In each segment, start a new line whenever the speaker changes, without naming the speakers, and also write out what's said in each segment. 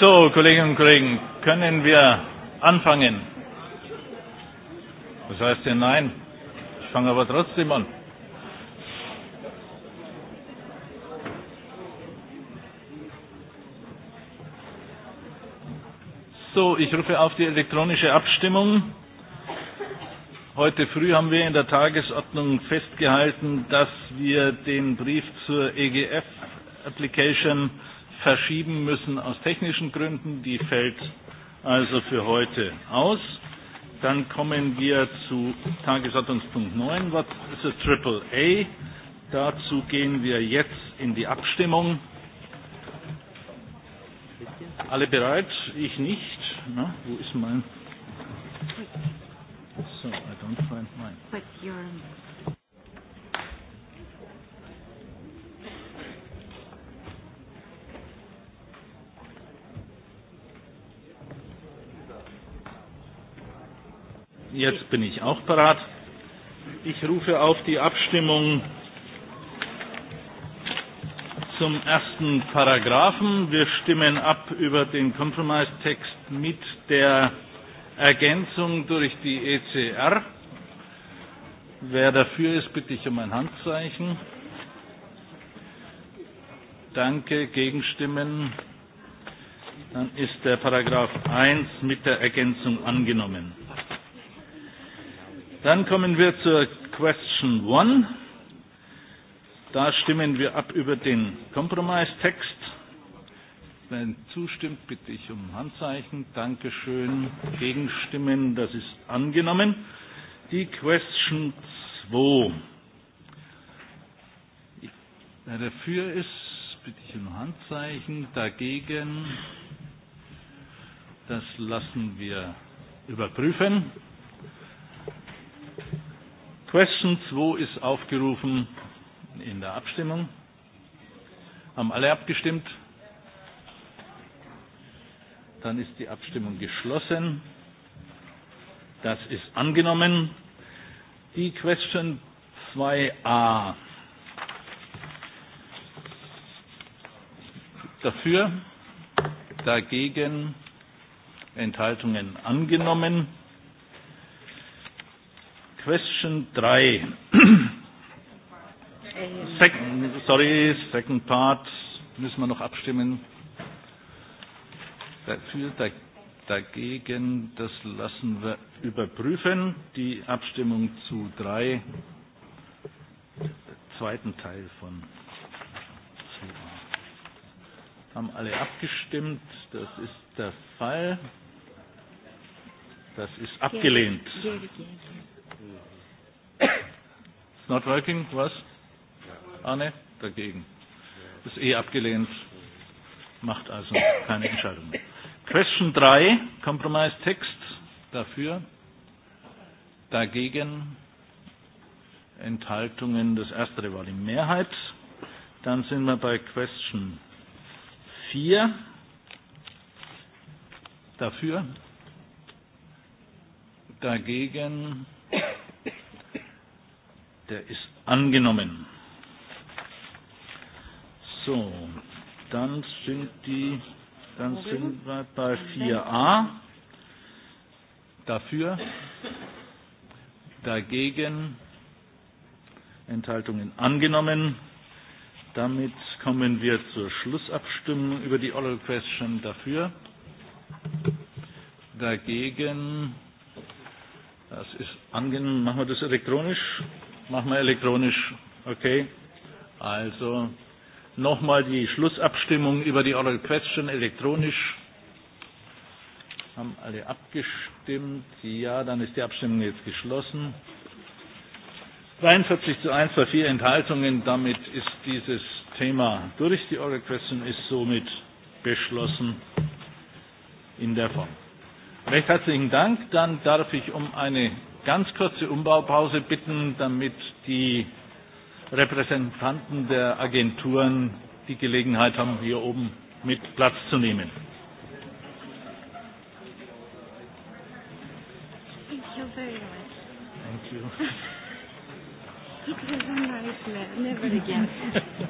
So, Kolleginnen und Kollegen, können wir anfangen? Was heißt denn nein? Ich fange aber trotzdem an. So, ich rufe auf die elektronische Abstimmung. Heute früh haben wir in der Tagesordnung festgehalten, dass wir den Brief zur EGF Application verschieben müssen aus technischen Gründen. Die fällt also für heute aus. Dann kommen wir zu Tagesordnungspunkt 9. Was ist das AAA? Dazu gehen wir jetzt in die Abstimmung. Alle bereit? Ich nicht. Na, wo ist mein? So, I don't find mine. But you're... bin ich auch bereit. Ich rufe auf die Abstimmung zum ersten Paragraphen. Wir stimmen ab über den Kompromisstext mit der Ergänzung durch die ECR. Wer dafür ist, bitte ich um ein Handzeichen. Danke, Gegenstimmen. Dann ist der Paragraph 1 mit der Ergänzung angenommen. Dann kommen wir zur Question 1. Da stimmen wir ab über den Kompromisstext. Wenn zustimmt, bitte ich um Handzeichen. Dankeschön. Gegenstimmen, das ist angenommen. Die Question 2. Wer dafür ist, bitte ich um Handzeichen. Dagegen, das lassen wir überprüfen. Question 2 ist aufgerufen in der Abstimmung. Haben alle abgestimmt? Dann ist die Abstimmung geschlossen. Das ist angenommen. Die Question 2a. Dafür, dagegen, Enthaltungen angenommen. Ja question three. second, sorry, second part. Müssen wir noch abstimmen? Dafür, da, dagegen, das lassen wir überprüfen. Die Abstimmung zu drei, zweiten Teil von. Haben alle abgestimmt? Das ist der Fall. Das ist abgelehnt. Ja, ja, ja, ja. It's not working, was? Ah ne, dagegen. Ist eh abgelehnt, macht also keine Entscheidung mehr. Question 3, Compromise Text, dafür, dagegen, Enthaltungen, das erste war die Mehrheit. Dann sind wir bei Question 4, dafür, dagegen, Der ist angenommen. So, dann sind die, dann sind wir bei 4a. Dafür, dagegen, Enthaltungen angenommen. Damit kommen wir zur Schlussabstimmung über die Oral Question. Dafür, dagegen, das ist angenommen, machen wir das elektronisch machen wir elektronisch. Okay. Also nochmal die Schlussabstimmung über die Oral Question elektronisch. Haben alle abgestimmt? Ja, dann ist die Abstimmung jetzt geschlossen. 43 zu 1 bei 4 Enthaltungen. Damit ist dieses Thema durch. Die Oral Question ist somit beschlossen in der Form. Recht herzlichen Dank. Dann darf ich um eine ganz kurze Umbaupause bitten, damit die Repräsentanten der Agenturen die Gelegenheit haben, hier oben mit Platz zu nehmen.
Thank you very much. Thank you. It was a
nice man.
Never again.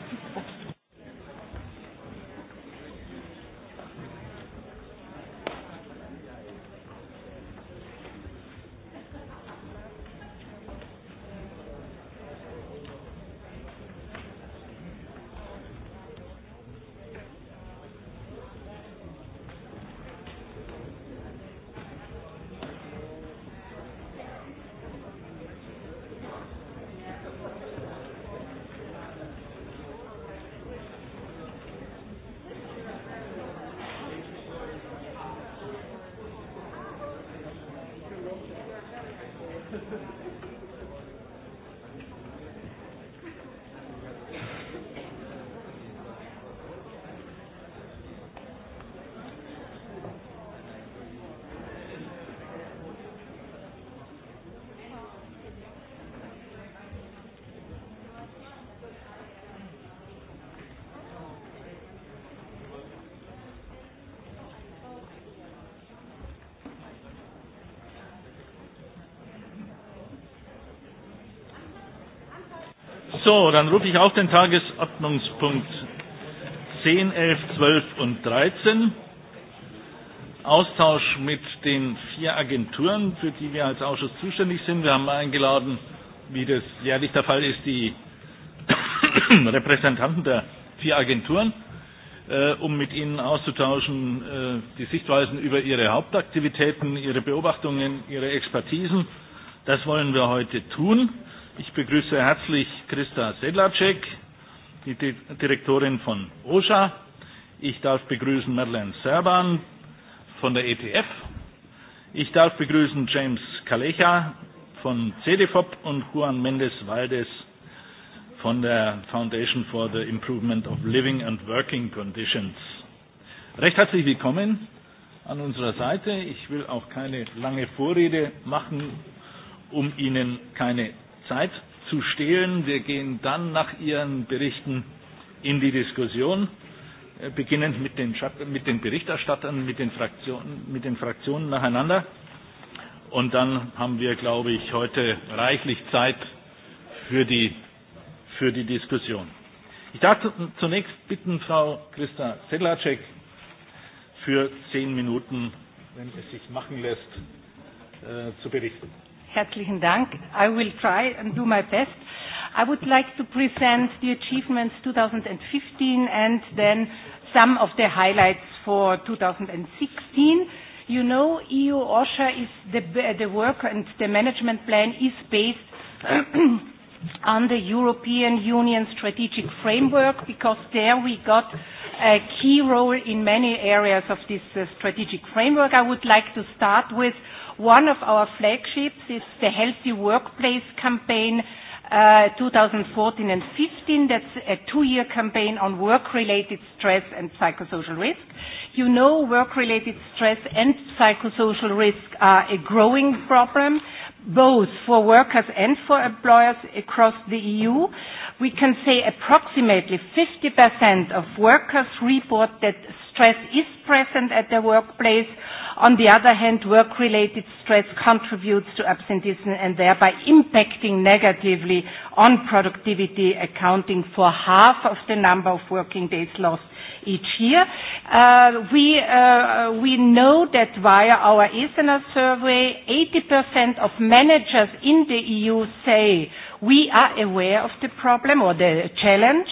dann rufe ich auf den Tagesordnungspunkt 10, 11, 12 und 13. Austausch mit den vier Agenturen, für die wir als Ausschuss zuständig sind. Wir haben eingeladen, wie das jährlich der Fall ist, die Repräsentanten der vier Agenturen, äh, um mit ihnen auszutauschen, äh, die Sichtweisen über ihre Hauptaktivitäten, ihre Beobachtungen, ihre Expertisen. Das wollen wir heute tun. Ich begrüße herzlich Christa Sedlacek, die Direktorin von OSHA. Ich darf begrüßen Madeleine Serban von der ETF. Ich darf begrüßen James Kalecha von CDFOP und Juan Mendes Valdez von der Foundation for the Improvement of Living and Working Conditions. Recht herzlich willkommen an unserer Seite. Ich will auch keine lange Vorrede machen, um Ihnen keine Zeit zu stehlen. Wir gehen dann nach Ihren Berichten in die Diskussion, äh, beginnend mit den, mit den Berichterstattern, mit den, Fraktionen, mit den Fraktionen nacheinander. Und dann haben wir, glaube ich, heute reichlich Zeit für die, für die Diskussion. Ich darf zunächst bitten, Frau Christa Sedlacek, für zehn Minuten, wenn es sich machen lässt, äh, zu berichten.
Herzlichen Dank. I will try and do my best. I would like to present the achievements 2015 and then some of the highlights for 2016. You know, EU OSHA is the work and the management plan is based on the European Union strategic framework because there we got a key role in many areas of this uh, strategic framework. I would like to start with One of our flagships is the Healthy Workplace campaign uh, 2014 and 15. That's a two-year campaign on work-related stress and psychosocial risk. You know work-related stress and psychosocial risk are a growing problem, both for workers and for employers across the EU. We can say approximately 50% of workers report that stress is present at the workplace. On the other hand, work related stress contributes to absenteeism and thereby impacting negatively on productivity, accounting for half of the number of working days lost each year. Uh, we, uh, we know that via our ESNA survey, 80% of managers in the EU say we are aware of the problem or the challenge,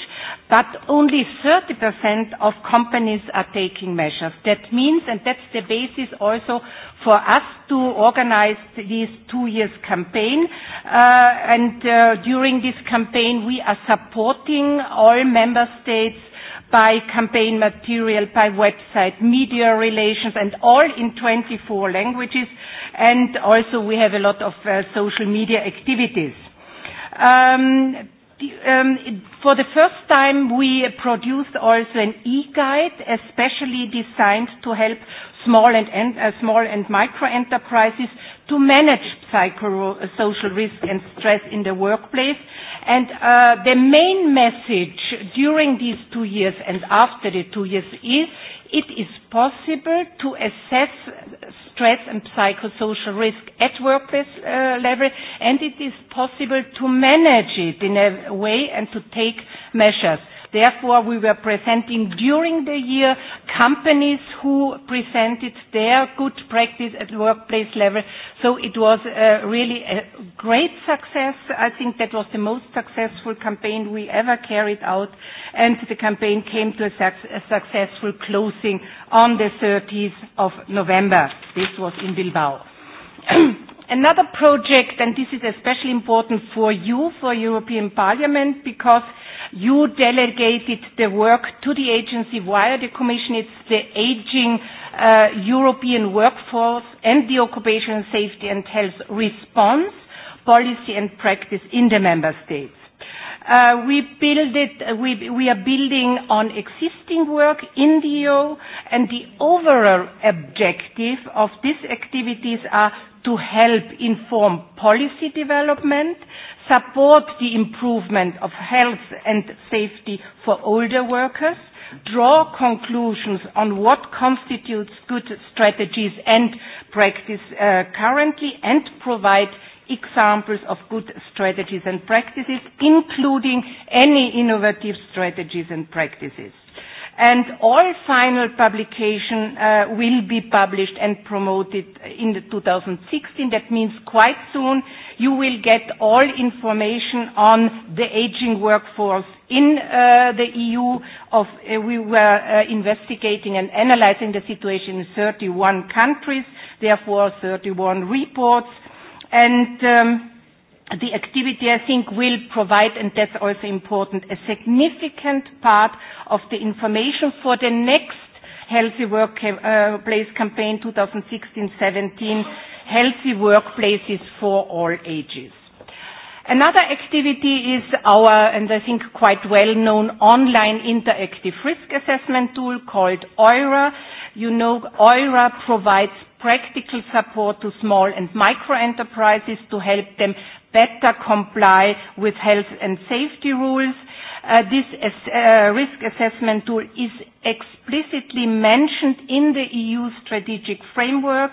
but only 30% of companies are taking measures. That means, and that's the basis also for us to organize this two years campaign. Uh, and uh, during this campaign, we are supporting all member states by campaign material, by website, media relations, and all in 24 languages, and also we have a lot of uh, social media activities. Um, Um, for the first time, we produced also an e-guide, especially designed to help small and, and uh, small and micro enterprises to manage psychosocial uh, risk and stress in the workplace. And uh, the main message during these two years and after the two years is It is possible to assess stress and psychosocial risk at workplace uh, level, and it is possible to manage it in a way and to take measures. Therefore, we were presenting during the year companies who presented their good practice at workplace level. It was really a great success. I think that was the most successful campaign we ever carried out, and the campaign came to a successful closing on the 30th of November. This was in Bilbao. Another project, and this is especially important for you, for European Parliament, because you delegated the work to the agency via the commission. It's the aging uh, European workforce and the occupation safety and health response policy and practice in the member states. Uh, we build it, uh, we, we are building on existing work in the EU and the overall objective of these activities are to help inform policy development, support the improvement of health and safety for older workers, draw conclusions on what constitutes good strategies and practice uh, currently, and provide examples of good strategies and practices, including any innovative strategies and practices and all final publication uh, will be published and promoted in the 2016. That means quite soon you will get all information on the aging workforce in uh, the EU. Of uh, we were uh, investigating and analyzing the situation in 31 countries, therefore 31 reports, and. Um, the activity, I think, will provide, and that's also important, a significant part of the information for the next Healthy Workplace uh, Campaign 2016-2017, Healthy Workplaces for All Ages. Another activity is our, and I think quite well-known, online interactive risk assessment tool called EURA. You know, EURA provides practical support to small and micro enterprises to help them better comply with health and safety rules. Uh, this as, uh, risk assessment tool is explicitly mentioned in the EU strategic framework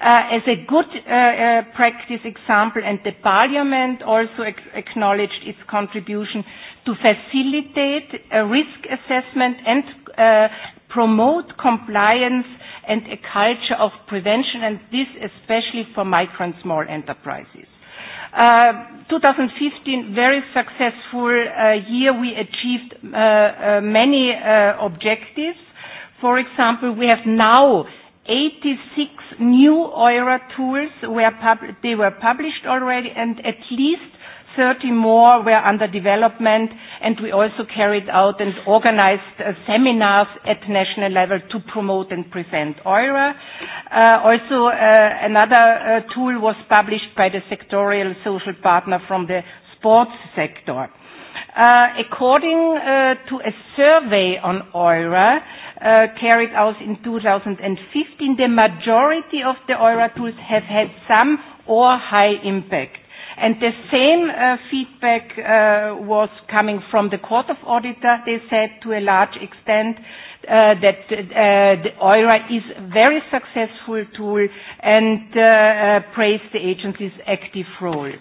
uh, as a good uh, uh, practice example and the parliament also acknowledged its contribution to facilitate a risk assessment and uh, promote compliance and a culture of prevention and this especially for micro and small enterprises. 2015, uh, very successful uh, year. We achieved uh, many objectives. For example, we have now 86 new eura tools. They were published already, and at least 30 more were under development, and we also carried out and organized uh, seminars at national level to promote and present EURA. Uh, also, uh, another tool was published by the sectorial social partner from the sports sector. According to a survey on EURA carried out in 2015, the majority of the EURA tools have had some or high impact. The same uh, feedback uh, was coming from the Court of Auditors. They said to a large extent uh, that EURA is very successful tool and praised the agency's active role.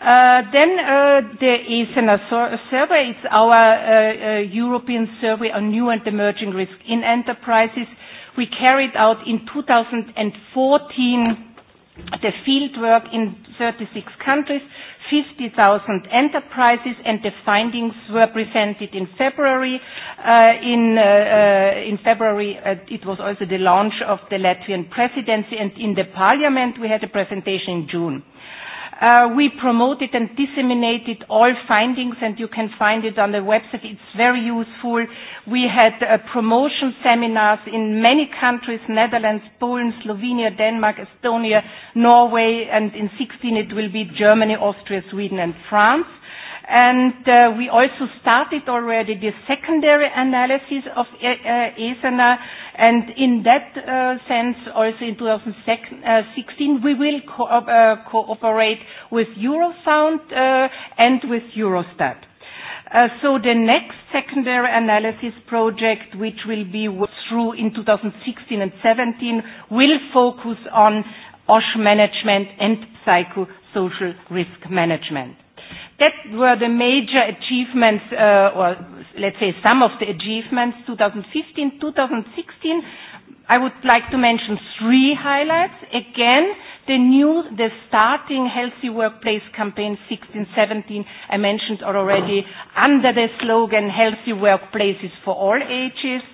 There is another survey. It's our European survey on new and emerging risk in enterprises. We carried out in 2014 the field work in 36 countries, 50,000 enterprises, and the findings were presented in February. Uh, in, uh, uh, in February, uh, it was also the launch of the Latvian presidency, and in the parliament, we had a presentation in June. Uh, we promoted and disseminated all findings, and you can find it on the website. It's very useful. We had uh, promotion seminars in many countries, Netherlands, Poland, Slovenia, Denmark, Estonia, Norway, and in 2016 it will be Germany, Austria, Sweden, and France. And uh, we also started already the secondary analysis of uh, uh, ESANA, and in that sense, also in 2016, we will cooperate with Eurofound and with Eurostat. So the next secondary analysis project, which will be through in 2016 and 2017, will focus on OSH management and psychosocial risk management that were the major achievements, uh, or let's say some of the achievements, 2015, 2016. I would like to mention three highlights. Again, the new, the starting Healthy Workplace campaign 16, 17, I mentioned already, under the slogan Healthy Workplaces for All Ages.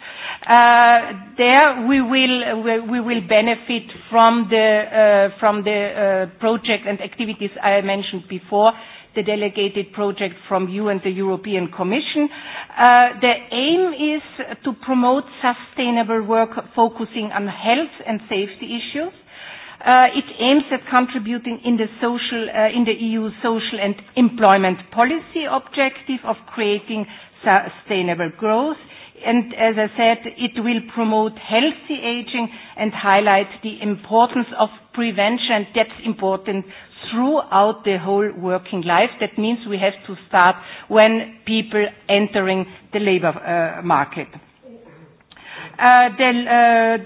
Uh, there we will we, we will benefit from the uh, from the uh, project and activities I mentioned before the delegated project from you and the European Commission. Uh, the aim is to promote sustainable work focusing on health and safety issues. Uh, it aims at contributing in the social, uh, in the EU social and employment policy objective of creating sustainable growth. And as I said, it will promote healthy aging and highlight the importance of prevention. That's important throughout the whole working life. That means we have to start when people entering the labor uh, market. Uh, then, uh,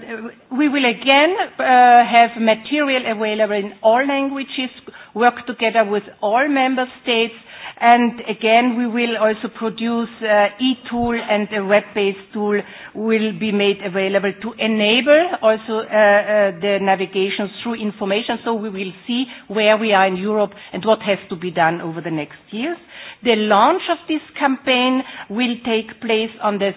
we will again uh, have material available in all languages, work together with all member states Again, we will also produce a uh, e-tool and a web-based tool will be made available to enable also uh, uh, the navigation through information. We will see where we are in Europe and what has to be done over the next years. The launch of this campaign will take place on the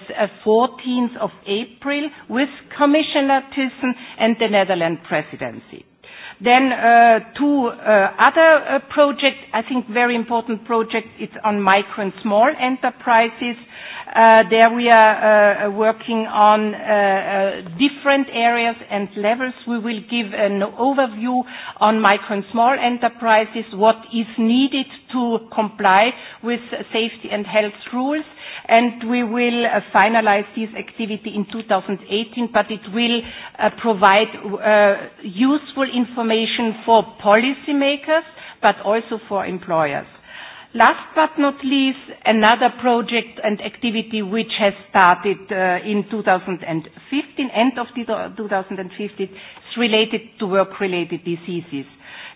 14th of April with Commissioner Thyssen and the Netherlands presidency. Then uh, two uh, other uh, projects, I think very important project, it's on micro and small enterprises. There we are working on different areas and levels. We will give an overview on micro and small enterprises, what is needed to comply with safety and health rules and we will uh, finalize this activity in 2018, but it will uh, provide uh, useful information for policymakers, but also for employers. Last but not least, another project and activity which has started in 2015, end of 2015, is related to work-related diseases.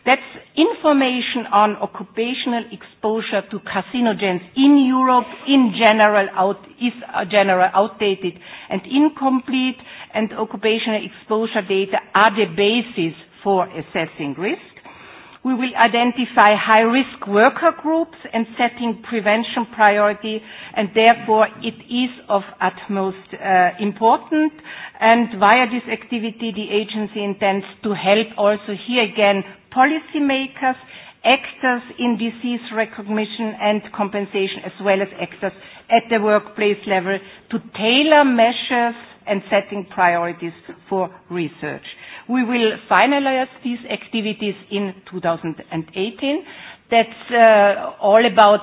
That's information on occupational exposure to carcinogens in Europe in general out, is uh, general outdated and incomplete and occupational exposure data are the basis for assessing risk. We will identify high-risk worker groups and setting prevention priority, and therefore it is of utmost uh, important. And via this activity, the agency intends to help also here again policymakers, actors in disease recognition and compensation, as well as actors at the workplace level to tailor measures and setting priorities for research. We will finalize these activities in 2018. That's uh, all about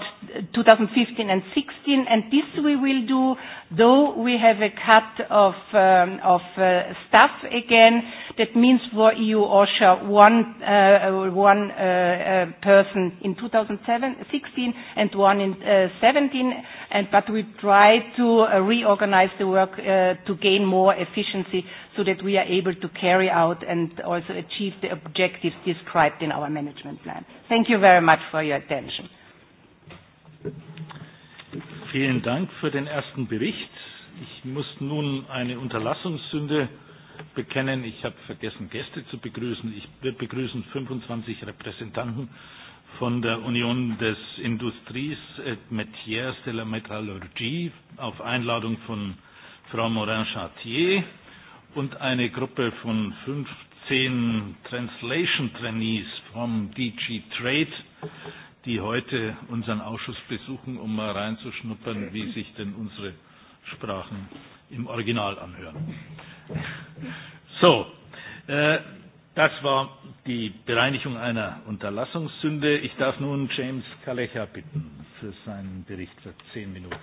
2015 and 2016, and this we will do though we have a cut of um, uh, staff again, that means for EU OSHA, one uh, uh, person in 2016 and one in 2017. But we try to reorganize the work to gain more efficiency so that we are able to carry out and also achieve the objectives described in our management plan. Thank you very much for your attention.
Vielen Dank für den ersten Bericht. Ich muss nun eine Unterlassungssünde bekennen. Ich habe vergessen, Gäste zu begrüßen. Ich begrüßen 25 Repräsentanten von der Union des Industries et äh, Métiers de la Metallurgie auf Einladung von Frau Morin-Chartier und eine Gruppe von 15 Translation Trainees vom DG Trade die heute unseren Ausschuss besuchen, um mal reinzuschnuppern, wie sich denn unsere Sprachen im Original anhören. So, äh, das war die Bereinigung einer Unterlassungssünde. Ich darf nun James Kalecher bitten für seinen Bericht für zehn Minuten.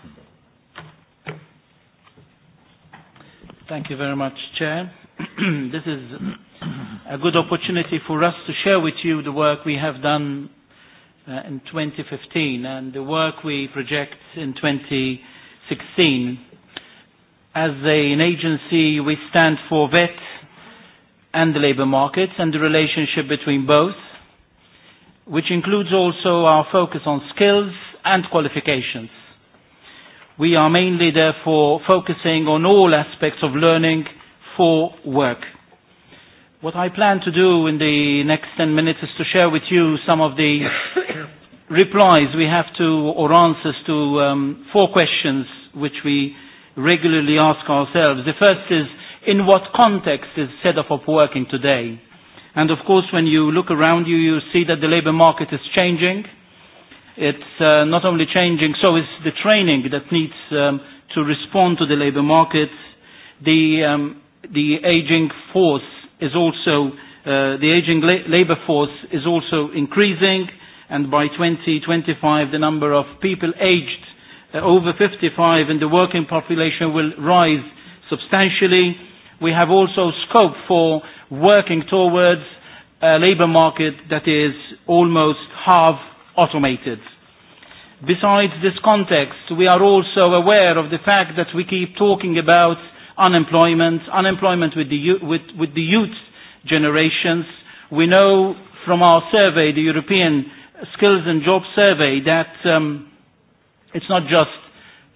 Thank you very much, Chair. This is a good opportunity for us to share with you the work we have done 2015 uh, and the work we project in 2016. As an agency, we stand for vet and the labor market and the relationship between both, which includes also our focus on skills and qualifications. We are mainly therefore focusing on all aspects of learning for work. What I plan to do in the next 10 minutes is to share with you some of the replies we have to, or answers to, um, four questions which we regularly ask ourselves. The first is, in what context is set up of working today? And of course, when you look around you, you see that the labor market is changing. It's uh, not only changing, so is the training that needs um, to respond to the labor market. The, um, the aging force is also uh, the aging la- labor force is also increasing and by 2025 the number of people aged uh, over 55 in the working population will rise substantially we have also scope for working towards a labor market that is almost half automated besides this context we are also aware of the fact that we keep talking about unemployment, unemployment with the, with, with the youth generations. We know from our survey, the European Skills and Jobs Survey, that um, it's not just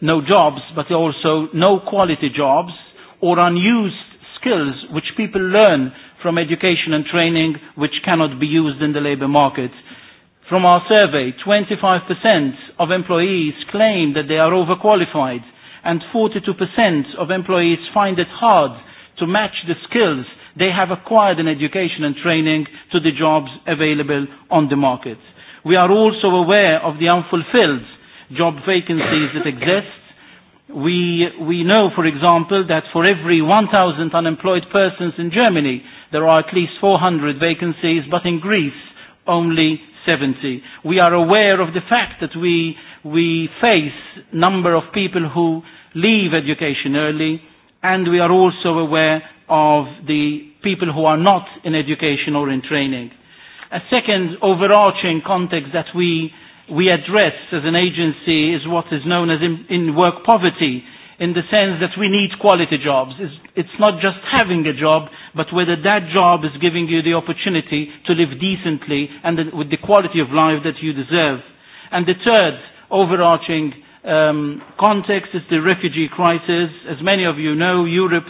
no jobs, but also no quality jobs or unused skills which people learn from education and training which cannot be used in the labor market. From our survey, 25% of employees claim that they are overqualified and 42% of employees find it hard to match the skills they have acquired in education and training to the jobs available on the market. We are also aware of the unfulfilled job vacancies that exist. We, we know, for example, that for every 1,000 unemployed persons in Germany, there are at least 400 vacancies, but in Greece, only 70. We are aware of the fact that we, we face number of people who leave education early, and we are also aware of the people who are not in education or in training. A second overarching context that we, we address as an agency is what is known as in, in work poverty, in the sense that we need quality jobs. It's, it's not just having a job, but whether that job is giving you the opportunity to live decently and the, with the quality of life that you deserve. And the third overarching uh, um, context is the refugee crisis. As many of you know, Europe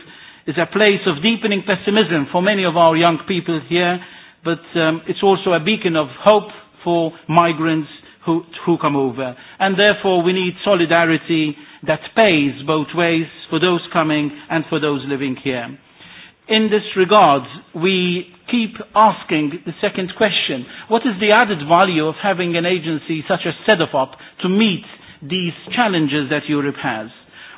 is a place of deepening pessimism for many of our young people here, but um, it's also a beacon of hope for migrants who, who come over. And therefore, we need solidarity that pays both ways for those coming and for those living here. In this regard, we keep asking the second question. What is the added value of having an agency such as SEDOFOP to meet these challenges that Europe has?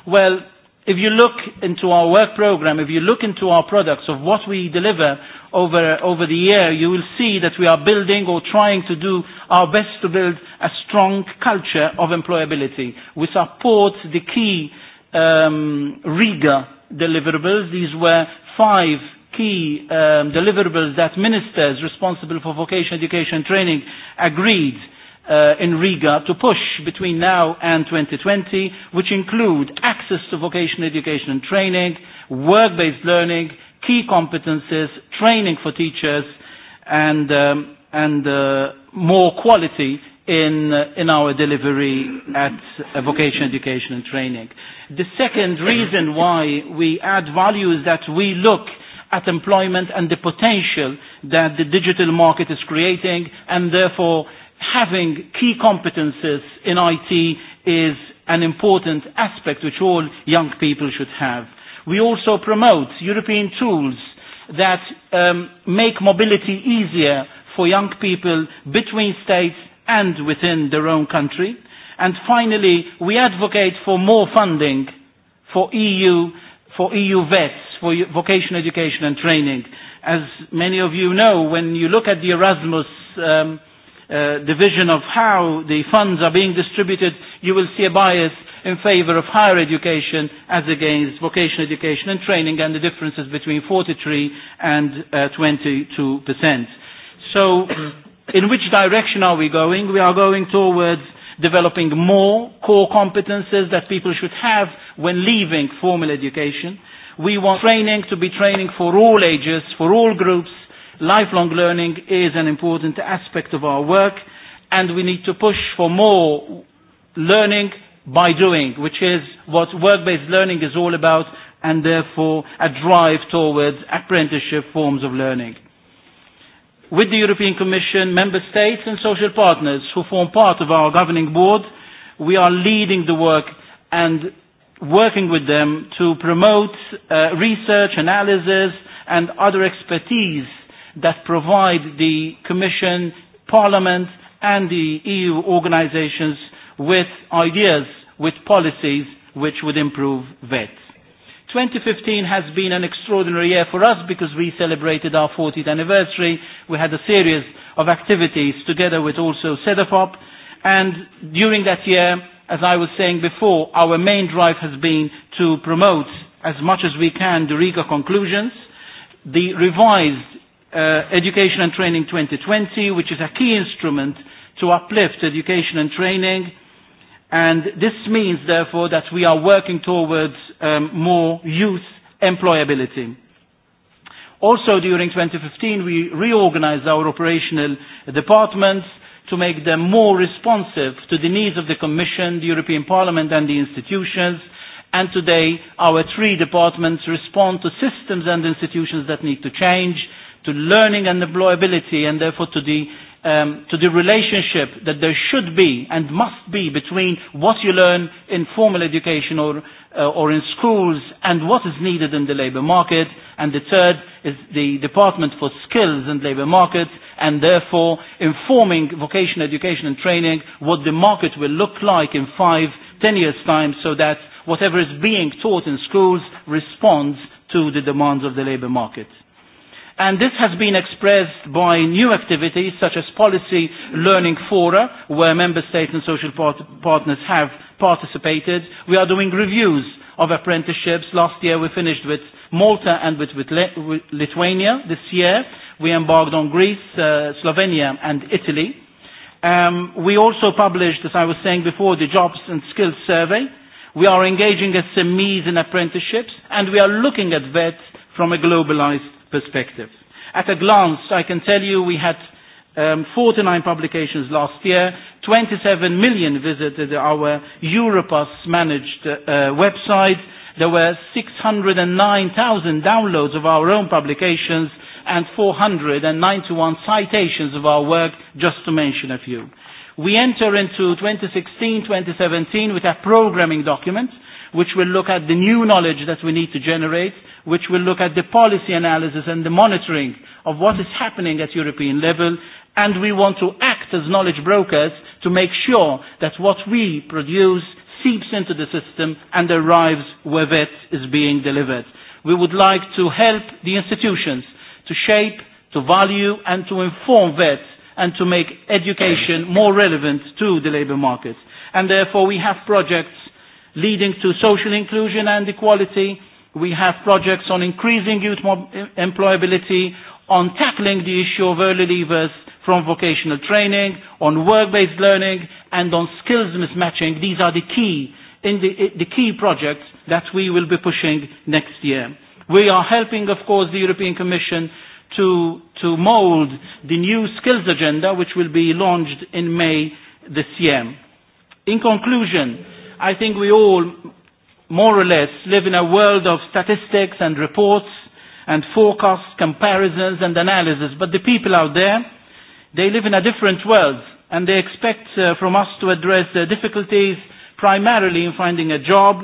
Well, if you look into our work program, if you look into our products of what we deliver over, over the year, you will see that we are building or trying to do our best to build a strong culture of employability. We support the key um, Riga deliverables. These were five key um, deliverables that ministers responsible for vocational education and training agreed uh, in Riga to push between now and 2020, which include access to vocational education and training, work-based learning, key competences, training for teachers, and, um, and uh, more quality in, uh, in our delivery at uh, vocational education and training. The second reason why we add value is that we look at employment and the potential that the digital market is creating and therefore having key competences in IT is an important aspect which all young people should have. We also promote European tools that um, make mobility easier for young people between states and within their own country. And finally, we advocate for more funding for EU, for EU vets, for vocational education and training. As many of you know, when you look at the Erasmus um, Uh, division of how the funds are being distributed, you will see a bias in favor of higher education as against vocational education and training and the differences between 43 and uh, 22%. So in which direction are we going? We are going towards developing more core competences that people should have when leaving formal education. We want training to be training for all ages, for all groups, lifelong learning is an important aspect of our work and we need to push for more learning by doing, which is what work-based learning is all about and therefore a drive towards apprenticeship forms of learning. With the European Commission, member states and social partners who form part of our governing board, we are leading the work and working with them to promote uh, research, analysis and other expertise that provide the Commission, Parliament, and the EU organizations with ideas, with policies which would improve VET. 2015 has been an extraordinary year for us because we celebrated our 40th anniversary. We had a series of activities together with also CEDAFOP. And during that year, as I was saying before, our main drive has been to promote as much as we can the Riga conclusions, the revised uh, Education and Training 2020, which is a key instrument to uplift education and training. And this means, therefore, that we are working towards um, more youth employability. Also, during 2015, we reorganized our operational departments to make them more responsive to the needs of the Commission, the European Parliament, and the institutions. And today, our three departments respond to systems and institutions that need to change to learning and employability and therefore to the, um, to the relationship that there should be and must be between what you learn in formal education or, uh, or in schools and what is needed in the labor market. And the third is the Department for Skills and Labor Markets and therefore informing vocational education and training what the market will look like in five, ten years' time so that whatever is being taught in schools responds to the demands of the labor market. And this has been expressed by new activities such as policy learning fora, where member states and social part- partners have participated. We are doing reviews of apprenticeships. Last year we finished with Malta and with, with, Le- with Lithuania. This year we embarked on Greece, uh, Slovenia and Italy. Um, we also published, as I was saying before, the jobs and skills survey. We are engaging SMEs in apprenticeships and we are looking at vets from a globalized perspective. At a glance, I can tell you we had um, 49 publications last year, 27 million visited our Europass managed uh, website, there were 609,000 downloads of our own publications and 491 citations of our work, just to mention a few. We enter into 2016-2017 with a programming document, which will look at the new knowledge that we need to generate, which will look at the policy analysis and the monitoring of what is happening at European level, and we want to act as knowledge brokers to make sure that what we produce seeps into the system and arrives where it is being delivered. We would like to help the institutions to shape, to value, and to inform VET and to make education more relevant to the labour market. And therefore, we have projects leading to social inclusion and equality. We have projects on increasing youth employability, on tackling the issue of early leavers from vocational training, on work-based learning, and on skills mismatching. These are the key, in the, the key projects that we will be pushing next year. We are helping, of course, the European Commission to, to mould the new skills agenda, which will be launched in May this year. In conclusion, I think we all, more or less, live in a world of statistics and reports and forecasts, comparisons and analysis. But the people out there, they live in a different world and they expect uh, from us to address their difficulties primarily in finding a job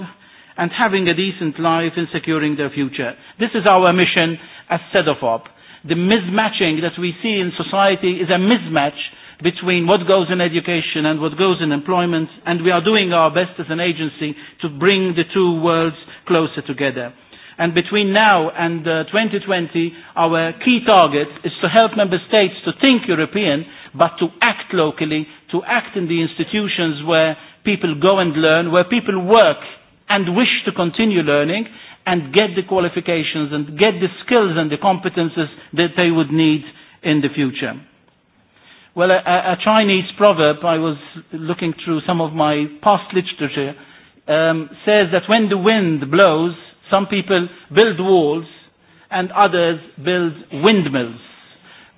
and having a decent life and securing their future. This is our mission as SEDOFOP. The mismatching that we see in society is a mismatch between what goes in education and what goes in employment, and we are doing our best as an agency to bring the two worlds closer together. And between now and uh, 2020, our key target is to help member states to think European, but to act locally, to act in the institutions where people go and learn, where people work and wish to continue learning, and get the qualifications and get the skills and the competences that they would need in the future. Well, a, a Chinese proverb, I was looking through some of my past literature, um, says that when the wind blows, some people build walls and others build windmills.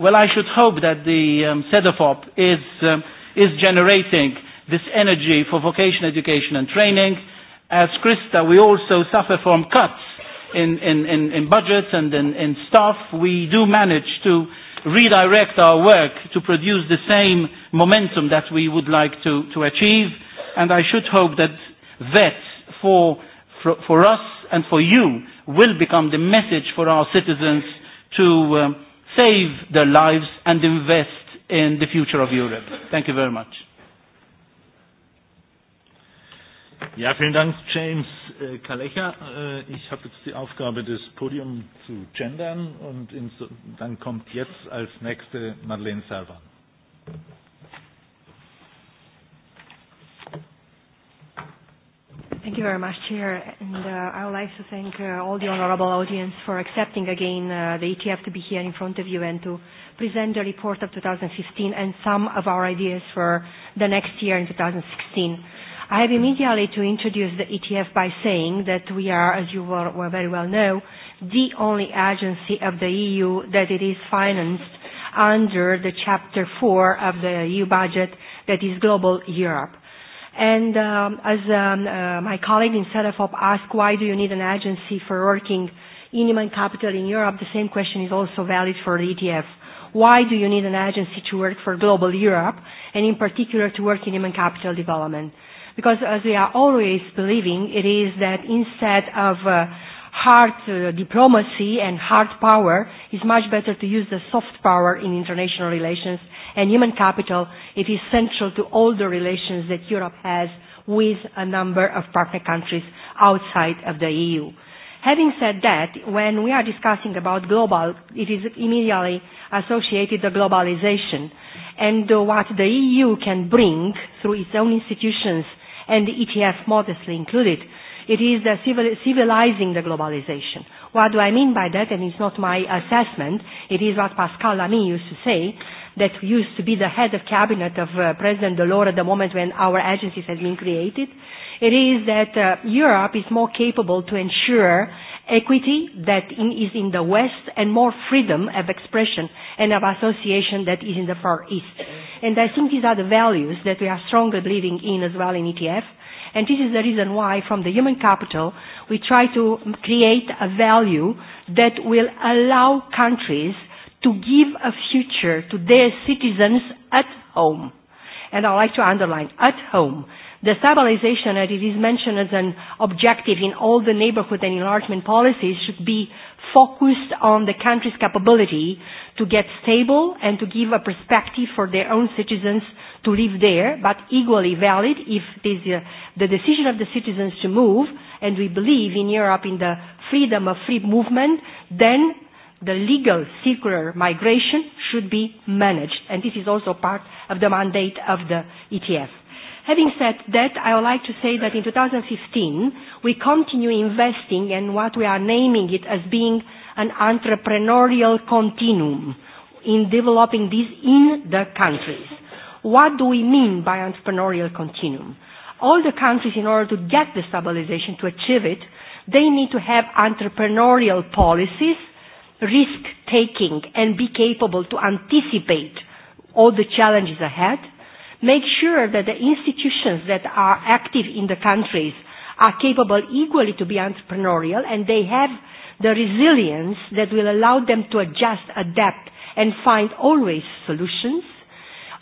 Well, I should hope that the um, CEDAFOP is, um, is generating this energy for vocation education and training. As Krista, we also suffer from cuts in, in, in, in budgets and in, in staff. We do manage to uh, redirect our work to produce the same momentum that we would like to, to achieve. And I should hope that that for, for, for us and for you will become the message for our citizens to um, save their lives and invest in the future of Europe. Thank you very much.
Ja, vielen Dank, James äh, Kalecha. Äh, ich habe jetzt die Aufgabe, das Podium zu gendern und so dann kommt jetzt als nächste Madeleine Salvan.
Thank you very much, Chair. And uh, I would like to thank uh, all the honorable audience for accepting again uh, the ETF to be here in front of you and to present the report of 2015 and some of our ideas for the next year in 2016. I have immediately to introduce the ETF by saying that we are, as you well, well, very well know, the only agency of the EU that it is financed under the Chapter 4 of the EU budget that is Global Europe. And um, as um, uh, my colleague in Setafop asked, why do you need an agency for working in human capital in Europe, the same question is also valid for the ETF. Why do you need an agency to work for global Europe and in particular to work in human capital development? because as we are always believing, it is that instead of uh, hard uh, diplomacy and hard power, it's much better to use the soft power in international relations and human capital. It is central to all the relations that Europe has with a number of partner countries outside of the EU. Having said that, when we are discussing about global, it is immediately associated to globalization and uh, what the EU can bring through its own institutions and the ETF modestly included. It is the civilizing the globalization. What do I mean by that? And it's not my assessment. It is what Pascal Lamy used to say, that used to be the head of cabinet of uh, President Delors at the moment when our agencies had been created. It is that uh, Europe is more capable to ensure equity that in, is in the West and more freedom of expression and of association that is in the Far East. And I think these are the values that we are strongly believing in as well in ETF. And this is the reason why from the human capital we try to create a value that will allow countries to give a future to their citizens at home. And I like to underline at home. The stabilization, as it is mentioned as an objective in all the neighborhood and enlargement policies, should be focused on the country's capability to get stable and to give a perspective for their own citizens to live there, but equally valid if it is uh, the decision of the citizens to move, and we believe in Europe in the freedom of free movement, then the legal circular migration should be managed. And this is also part of the mandate of the ETF. Having said that, I would like to say that in 2015, we continue investing in what we are naming it as being an entrepreneurial continuum in developing this in the countries. What do we mean by entrepreneurial continuum? All the countries, in order to get the stabilization, to achieve it, they need to have entrepreneurial policies, risk-taking, and be capable to anticipate all the challenges ahead, make sure that the institutions that are active in the countries are capable equally to be entrepreneurial and they have the resilience that will allow them to adjust, adapt and find always solutions.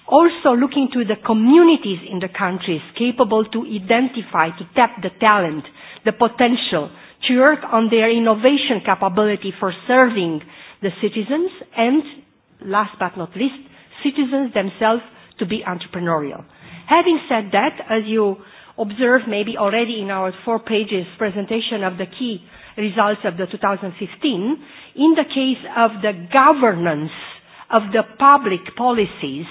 Also looking to the communities in the countries capable to identify, to tap the talent, the potential, to work on their innovation capability for serving the citizens and last but not least, citizens themselves to be entrepreneurial. Having said that, as you observe maybe already in our four pages presentation of the key results of the 2015, in the case of the governance of the public policies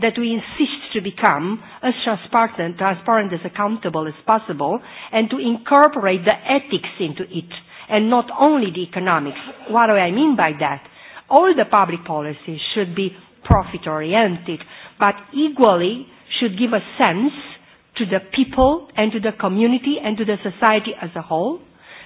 that we insist to become as transparent, transparent as accountable as possible and to incorporate the ethics into it and not only the economics. What do I mean by that? All the public policies should be profit-oriented, but equally should give a sense to the people and to the community and to the society as a whole.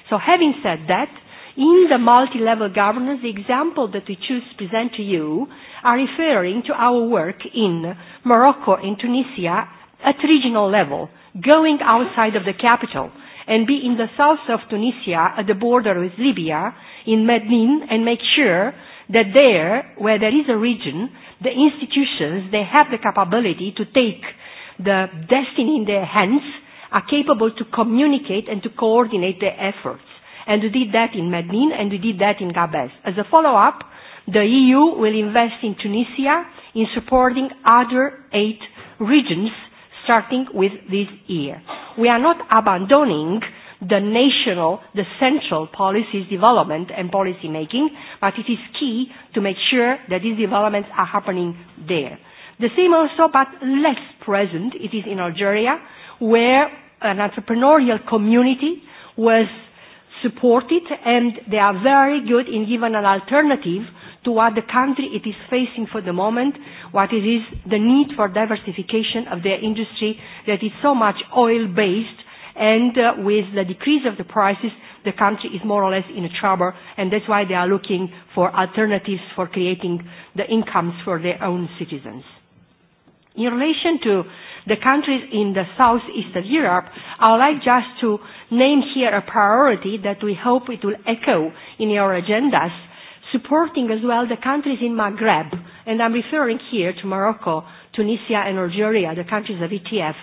So having said that, in the multi-level governance, the example that we choose to present to you are referring to our work in Morocco and Tunisia at regional level, going outside of the capital and be in the south of Tunisia at the border with Libya in Medin and make sure that there, where there is a region, the institutions, they have the capability to take the destiny in their hands, are capable to communicate and to coordinate their efforts. And we did that in Medin and we did that in Gabes. As a follow-up, the EU will invest in Tunisia in supporting other eight regions starting with this year. We are not abandoning the national, the central policies development and policy making, but it is key to make sure that these developments are happening there. The same also, but less present, it is in Algeria, where an entrepreneurial community was supported and they are very good in giving an alternative to what the country it is facing for the moment, what it is the need for diversification of their industry that is so much oil based and uh, with the decrease of the prices, the country is more or less in trouble, and that's why they are looking for alternatives for creating the incomes for their own citizens. In relation to the countries in the southeast of Europe, I would like just to name here a priority that we hope it will echo in your agendas, supporting as well the countries in Maghreb, and I'm referring here to Morocco, Tunisia and Algeria, the countries of ETF,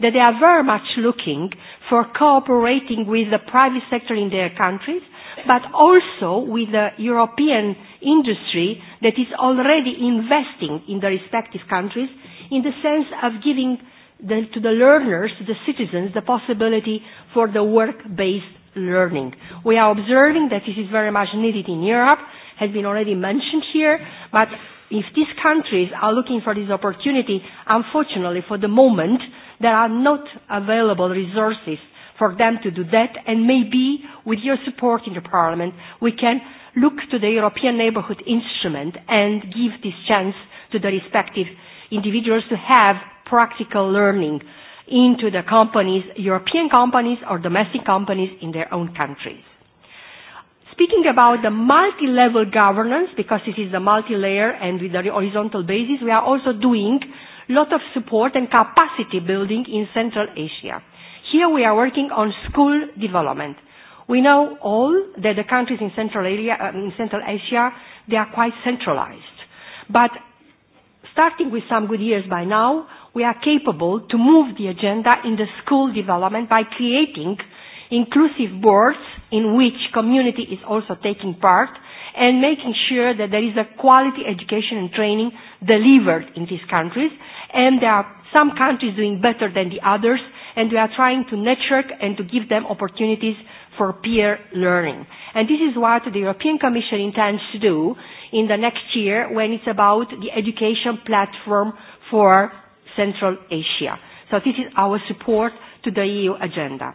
that they are very much looking for cooperating with the private sector in their countries, but also with the European industry that is already investing in the respective countries in the sense of giving the, to the learners, the citizens, the possibility for the work-based learning. We are observing that this is very much needed in Europe, has been already mentioned here, but if these countries are looking for this opportunity, unfortunately, for the moment, there are not available resources for them to do that, and maybe with your support in the parliament, we can look to the European Neighbourhood Instrument and give this chance to the respective individuals to have practical learning into the companies, European companies or domestic companies in their own countries. Speaking about the multi-level governance, because it is a multi-layer and with a horizontal basis, we are also doing uh, lot of support and capacity building in Central Asia. Here we are working on school development. We know all that the countries in Central, area, uh, in Central Asia, they are quite centralized. But starting with some good years by now, we are capable to move the agenda in the school development by creating inclusive boards in which community is also taking part and making sure that there is a quality education and training delivered in these countries and there are some countries doing better than the others, and we are trying to network and to give them opportunities for peer learning. This is what the European Commission intends to do in the next year when it's about the education platform for Central Asia. This is our support to the EU agenda.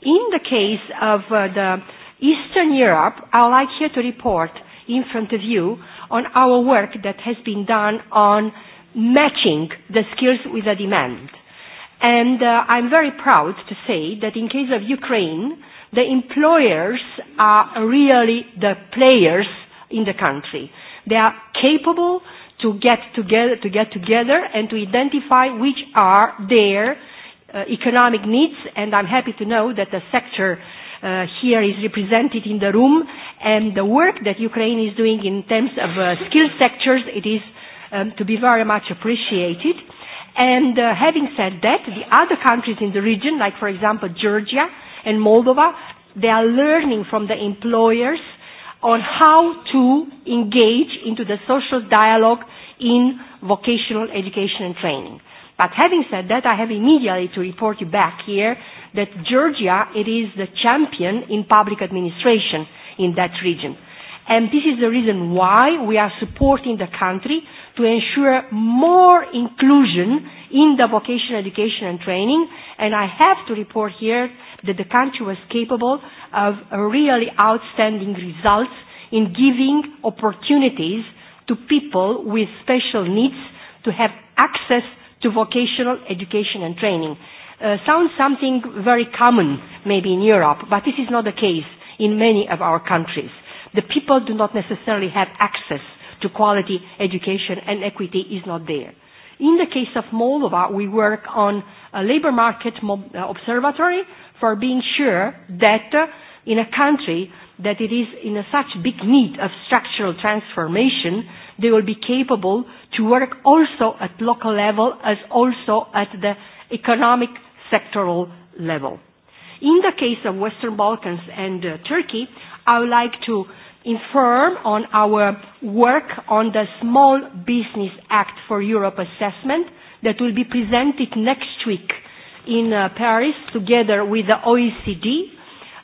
In the case of uh, the Eastern Europe, I would like here to report in front of you on our work that has been done on matching the skills with the demand. And uh, I'm very proud to say that in case of Ukraine, the employers are really the players in the country. They are capable to get together, to get together and to identify which are their uh, economic needs. And I'm happy to know that the sector uh, here is represented in the room. And the work that Ukraine is doing in terms of uh, skill sectors, it is um, to be very much appreciated. And uh, having said that, the other countries in the region, like for example Georgia and Moldova, they are learning from the employers on how to engage into the social dialogue in vocational education and training. But having said that, I have immediately to report you back here that Georgia, it is the champion in public administration in that region. And this is the reason why we are supporting the country to ensure more inclusion in the vocational education and training. And I have to report here that the country was capable of really outstanding results in giving opportunities to people with special needs to have access to vocational education and training. Uh, sounds something very common maybe in Europe, but this is not the case in many of our countries. The people do not necessarily have access to quality education and equity is not there. In the case of Moldova, we work on a labor market uh, observatory for being sure that uh, in a country that it is in a such big need of structural transformation, they will be capable to work also at local level as also at the economic sectoral level. In the case of Western Balkans and uh, Turkey, I would like to infirm on our work on the Small Business Act for Europe assessment that will be presented next week in uh, Paris together with the OECD.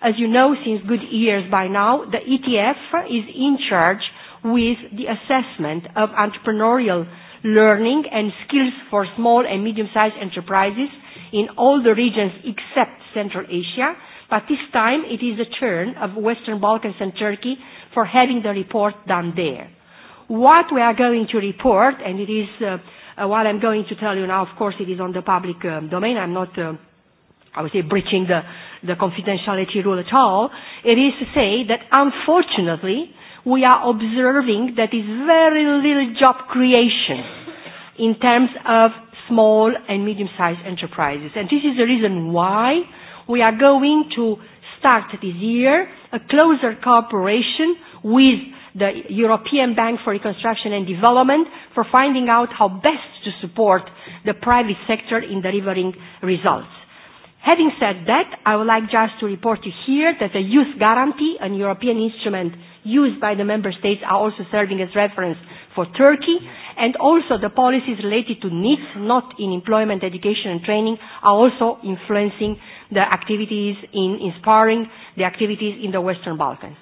As you know, since good years by now, the ETF is in charge with the assessment of entrepreneurial learning and skills for small and medium-sized enterprises in all the regions except Central Asia but this time it is a turn of Western Balkans and Turkey for having the report done there. What we are going to report, and it is uh, uh, what I'm going to tell you now, of course, it is on the public um, domain. I'm not, uh, I would say, breaching the, the confidentiality rule at all. It is to say that, unfortunately, we are observing that there is very little job creation in terms of small and medium-sized enterprises. And this is the reason why we are going to start this year a closer cooperation with the European Bank for Reconstruction and Development for finding out how best to support the private sector in delivering results. Having said that, I would like just to report to you here that the Youth Guarantee, a European instrument used by the member states, are also serving as reference for Turkey, and also the policies related to needs, not in employment, education, and training, are also influencing the activities in inspiring the activities in the Western Balkans.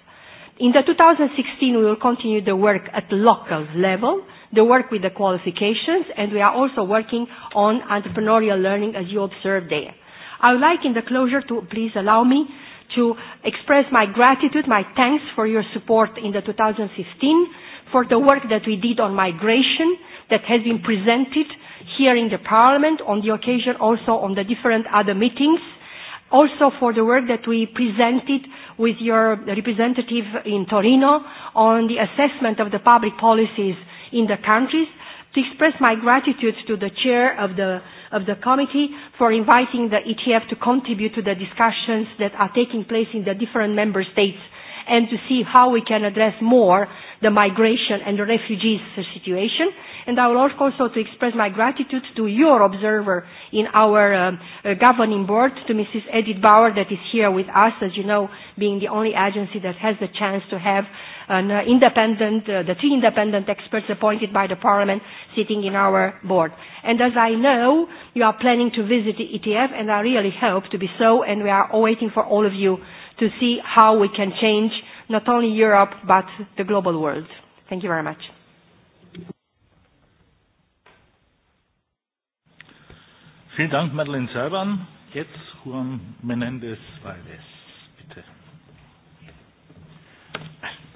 In the 2016, we will continue the work at local level, the work with the qualifications, and we are also working on entrepreneurial learning as you observed there. I would like in the closure to please allow me to express my gratitude, my thanks for your support in the 2016, for the work that we did on migration that has been presented here in the Parliament on the occasion also on the different other meetings, also for the work that we presented with your representative in Torino on the assessment of the public policies in the countries, to express my gratitude to the chair of the, of the committee for inviting the ETF to contribute to the discussions that are taking place in the different member states and to see how we can address more the migration and the refugees situation. And I would also to express my gratitude to your observer in our um, uh, governing board, to Mrs. Edith Bauer, that is here with us, as you know, being the only agency that has the chance to have an uh, independent, uh, the three independent experts appointed by the parliament sitting in our board. And as I know, you are planning to visit the ETF, and I really hope to be so, and we are waiting for all of you to see how we can change not only Europe, but the global world. Thank you very much.
Vielen Dank, Madeleine Zerban. Jetzt Juan Menéndez Valdés, bitte.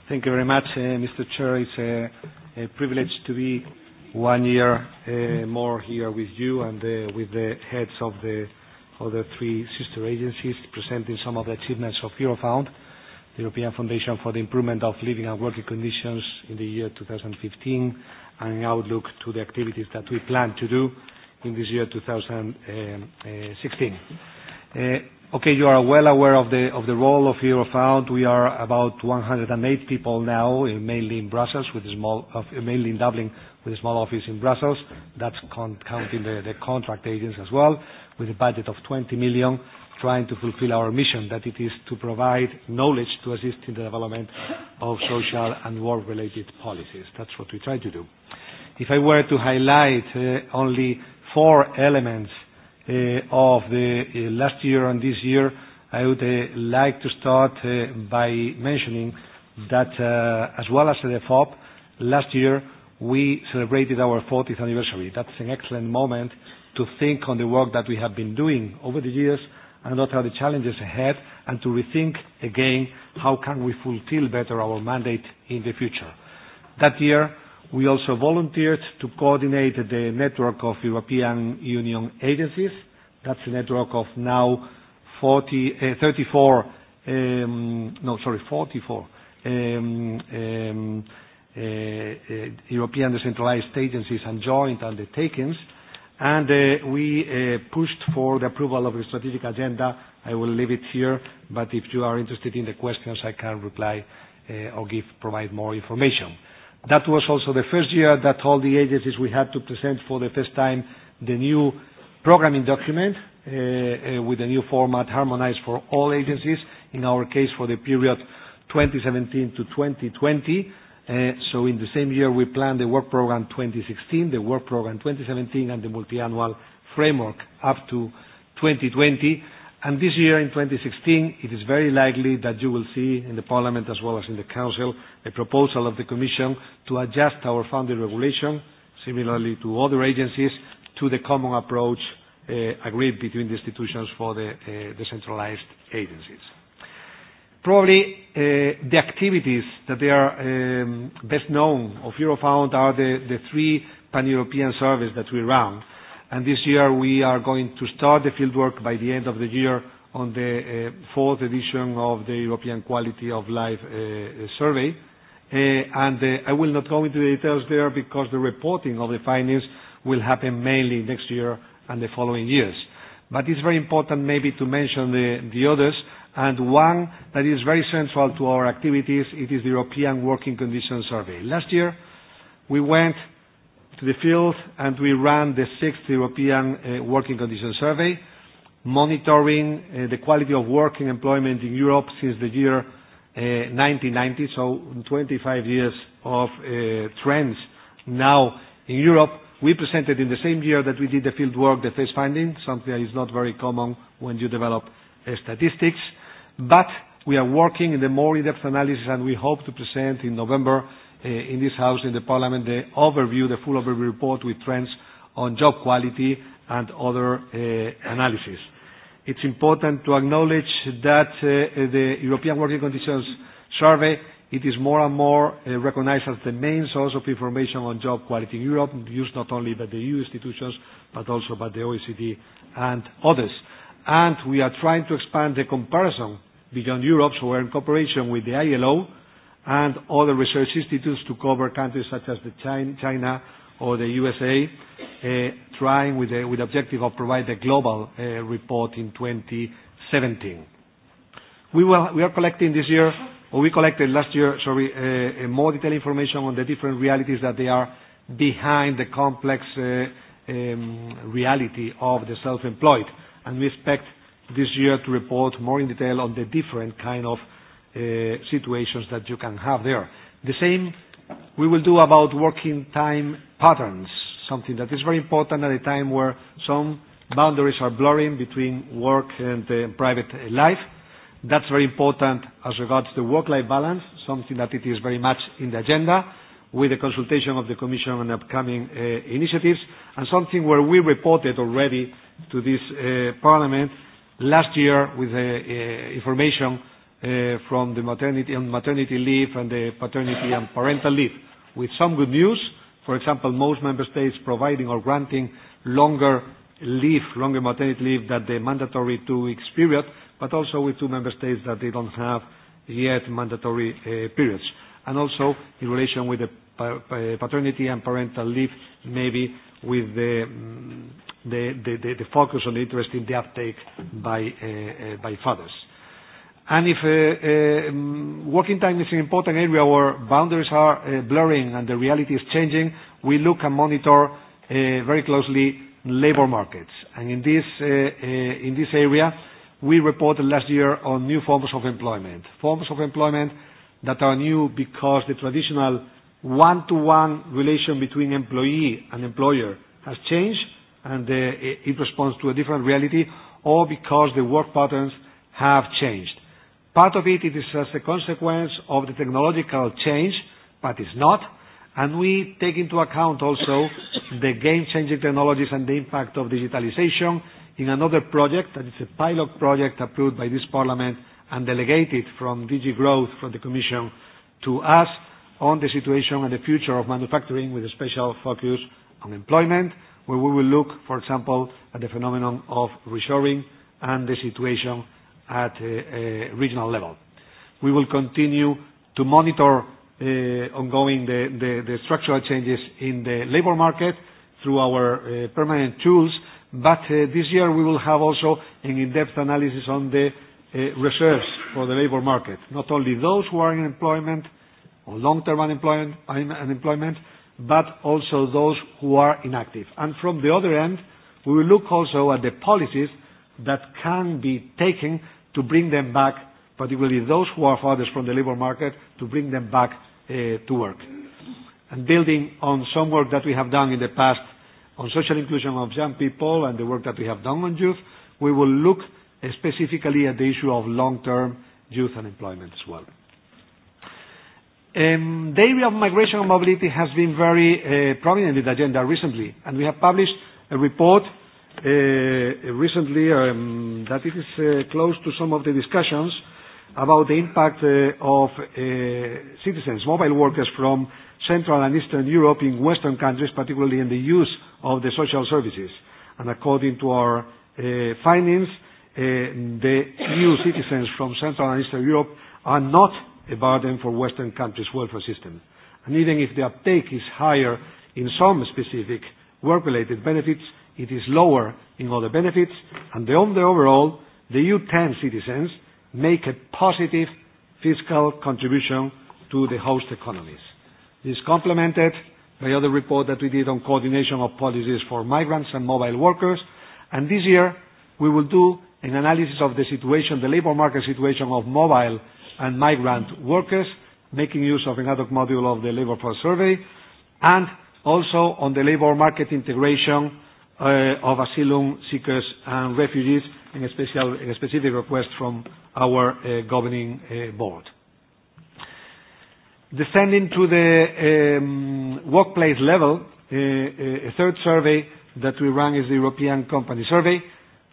Thank you very much, uh, Mr. Chair. It's a privilege to be one year uh, more here with you and uh, with the heads of the other three sister agencies presenting some of the achievements of Eurofound the European Foundation for the Improvement of Living and Working Conditions in the year 2015 and an outlook to the activities that we plan to do in this year 2016. Uh, okay, you are well aware of the, of the role of Eurofound. We are about 108 people now, mainly in Brussels, with a small, mainly in Dublin, with a small office in Brussels. That's con- counting the, the contract agents as well, with a budget of 20 million trying to fulfill our mission, that it is to provide knowledge to assist in the development of social and war-related policies. That's what we try to do. If I were to highlight uh, only four elements uh, of the uh, last year and this year, I would uh, like to start uh, by mentioning that, uh, as well as the FOP, last year we celebrated our 40th anniversary. That's an excellent moment to think on the work that we have been doing over the years and what are the challenges ahead, and to rethink again how can we fulfill better our mandate in the future. That year, we also volunteered to coordinate the network of European Union agencies. That's a network of now 44 uh, um, no, um, um, uh, uh, European decentralized agencies and joint undertakings and uh, we uh, pushed for the approval of the strategic agenda. I will leave it here, but if you are interested in the questions, I can reply uh, or provide more information. That was also the first year that all the agencies we had to present for the first time the new programming document with a new format harmonized for all agencies, in our case, for the period 2017 to 2020. Uh, in the same year, we plan the work program 2016, the work program 2017, and the multi-annual framework up to 2020. This year, in 2016, it is very likely that you will see in the parliament as well as in the council, a proposal of the commission to adjust our funding regulation, similarly to other agencies, to the common approach uh, agreed between the institutions for the uh, decentralized agencies. Probably uh, the activities that they are um, best known of Eurofound are the, the three pan-European surveys that we run. And this year we are going to start the fieldwork by the end of the year on the uh, fourth edition of the European Quality of Life uh, Survey. Uh, and uh, I will not go into the details there because the reporting of the findings will happen mainly next year and the following years. But it's very important maybe to mention the, the others. One that is very central to our activities, it is the European Working Conditions Survey. Last year, we went to the field, and we ran the sixth European uh, Working Conditions Survey, monitoring uh, the quality of work and employment in Europe since the year 1990, uh, so 25 years of trends now in Europe. We presented in the same year that we did the field work, the first finding, something that is not very common when you develop statistics but we are working in the more in-depth analysis, and we hope to present in November eh, in this house, in the parliament, the overview, the full overview report with trends on job quality and other eh, analysis. It's important to acknowledge that eh, the European Working Conditions Survey, it is more and more recognized as the main source of information on job quality in Europe, used not only by the EU institutions, but also by the OECD and others. We are trying to expand the comparison beyond Europe, so we're in cooperation with the ILO and other research institutes to cover countries such as China or the USA, eh, trying with the objective of provide a global eh, report in 2017. We are collecting this year, or we collected last year, sorry, eh, more detailed information on the different realities that they are behind the complex reality of the self-employed. We expect this year to report more in detail on the different kind of uh, situations that you can have there. The same we will do about working time patterns, something that is very important at a time where some boundaries are blurring between work and uh, private life. That's very important as regards the work-life balance, something that it is very much in the agenda with the consultation of the commission on upcoming uh, initiatives, and something where we reported already to this parliament, last year with the uh, uh, information uh, from the maternity and maternity leave and the paternity and parental leave, with some good news. For example, most member states providing or granting longer leave, longer maternity leave than the mandatory two weeks period, but also with two member states that they don't have yet mandatory periods. Also in relation with the paternity and parental leave, maybe with the mm, the focus on the interest in the uptake by uh, uh, fathers. If uh, um, working time is an important area where boundaries are blurring and the reality is changing, we look and monitor very closely labor markets. In this area, we reported last year on new forms of employment. Forms of employment that are new because the traditional one-to-one relation between employee and employer has changed, and uh, it responds to a different reality or because the work patterns have changed. Part of it is as a consequence of the technological change, but it's not. We take into account also the game-changing technologies and the impact of digitalization in another project that is a pilot project approved by this parliament and delegated from DG Growth, from the Commission to us on the situation and the future of manufacturing with a special focus on employment where we will look, for example, at the phenomenon of reshoring and the situation at a regional level. We will continue to monitor uh, ongoing the structural changes in the labor market through our uh, permanent tools. Uh, this year, we will have also an in-depth analysis on the reserves for the labor market, not only those who are in employment or long-term unemployment, but also those who are inactive. From the other end, we will look also at the policies that can be taken to bring them back, particularly those who are farthest from the labor market, to bring them back uh, to work. Building on some work that we have done in the past on social inclusion of young people and the work that we have done on youth, we will look specifically at the issue of long-term youth unemployment as well. Um, the area of migration and mobility has been very uh, prominent in the agenda recently, and we have published a report uh, recently um, that is uh, close to some of the discussions about the impact of citizens, mobile workers from Central and Eastern Europe in Western countries, particularly in the use of the social services. According to our findings, the new citizens from Central and Eastern Europe are not a burden for Western countries' welfare system. Even if the uptake is higher in some specific work-related benefits, it is lower in other benefits, and the overall, the EU10 citizens make a positive fiscal contribution to the host economies. This is complemented by other report that we did on coordination of policies for migrants and mobile workers. And this year, we will do an analysis of the situation, the labor market situation of mobile workers and migrant workers, making use of an ad hoc module of the labor force survey, and also on the labor market integration uh, of asylum seekers and refugees, in a specific request from our uh, governing uh, board. Descending to the um, workplace level, a third survey that we run is the European Company Survey.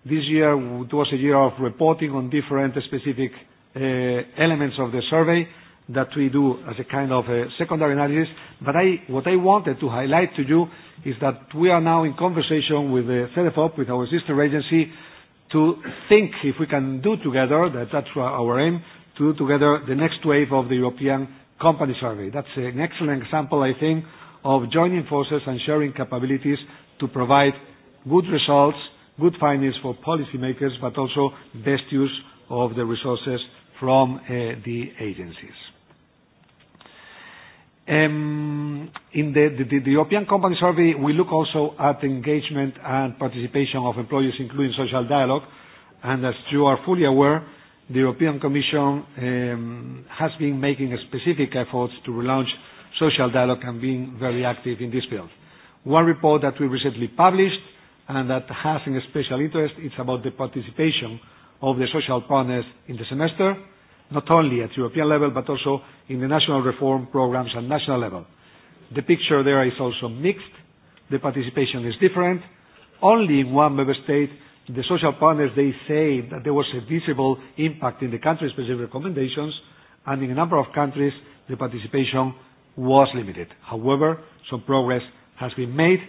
This year, it was a year of reporting on different specific Uh, elements of the survey that we do as a kind of a uh, secondary analysis. What I wanted to highlight to you is that we are now in conversation with uh, CEDEFOP, with our sister agency, to think if we can do together, that's our aim, to do together the next wave of the European company survey. That's an excellent example, I think, of joining forces and sharing capabilities to provide good results, good findings for policymakers, but also best use of the resources from uh, the agencies. Um, in the European company survey, we look also at engagement and participation of employees, including social dialogue. As you are fully aware, the European Commission um, has been making specific efforts to relaunch social dialogue and being very active in this field. One report that we recently published and that has a special interest, it's about the participation of the social partners in the semester, not only at European level, but also in the national reform programs at national level. The picture there is also mixed. The participation is different. Only in one member state, the social partners, they say that there was a visible impact in the country-specific recommendations, and in a number of countries, the participation was limited. However, some progress has been made,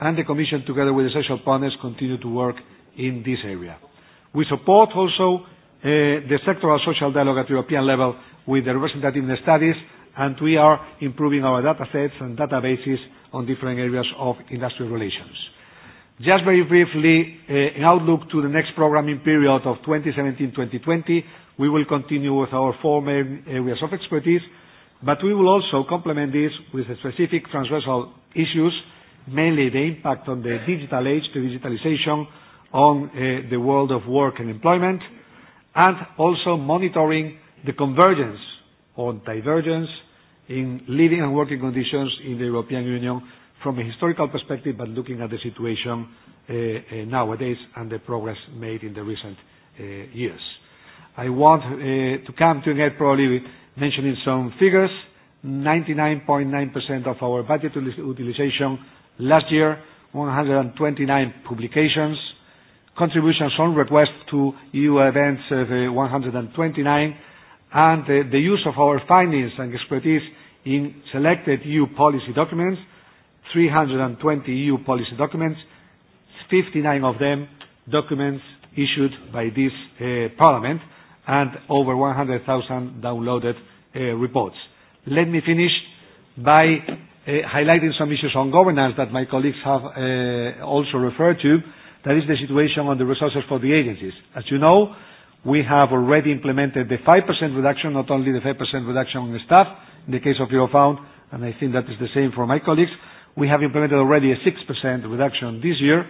and the Commission, together with the social partners, continue to work in this area. We support also uh, the sectoral social dialogue at European level with the representative studies, and we are improving our data sets and databases on different areas of industrial relations. Just very briefly, uh, an outlook to the next programming period of 2017-2020. We will continue with our four main areas of expertise, but we will also complement this with the specific transversal issues, mainly the impact on the digital age, the digitalization, on eh, the world of work and employment, and also monitoring the convergence or divergence in living and working conditions in the European Union from a historical perspective, but looking at the situation eh, eh, nowadays and the progress made in the recent years. I want to come to an end probably mentioning some figures. 99.9% of our budget utilization last year, 129 publications, contributions on request to EU events 129, uh, and uh, the use of our findings and expertise in selected EU policy documents, 320 EU policy documents, 59 of them documents issued by this uh, parliament, and over 100,000 downloaded reports. Let me finish by highlighting some issues on governance that my colleagues have also referred to. That is the situation on the resources for the agencies. As you know, we have already implemented the 5% reduction, not only the 5% reduction on the staff, in the case of Eurofound, and I think that is the same for my colleagues. We have implemented already a 6% reduction this year.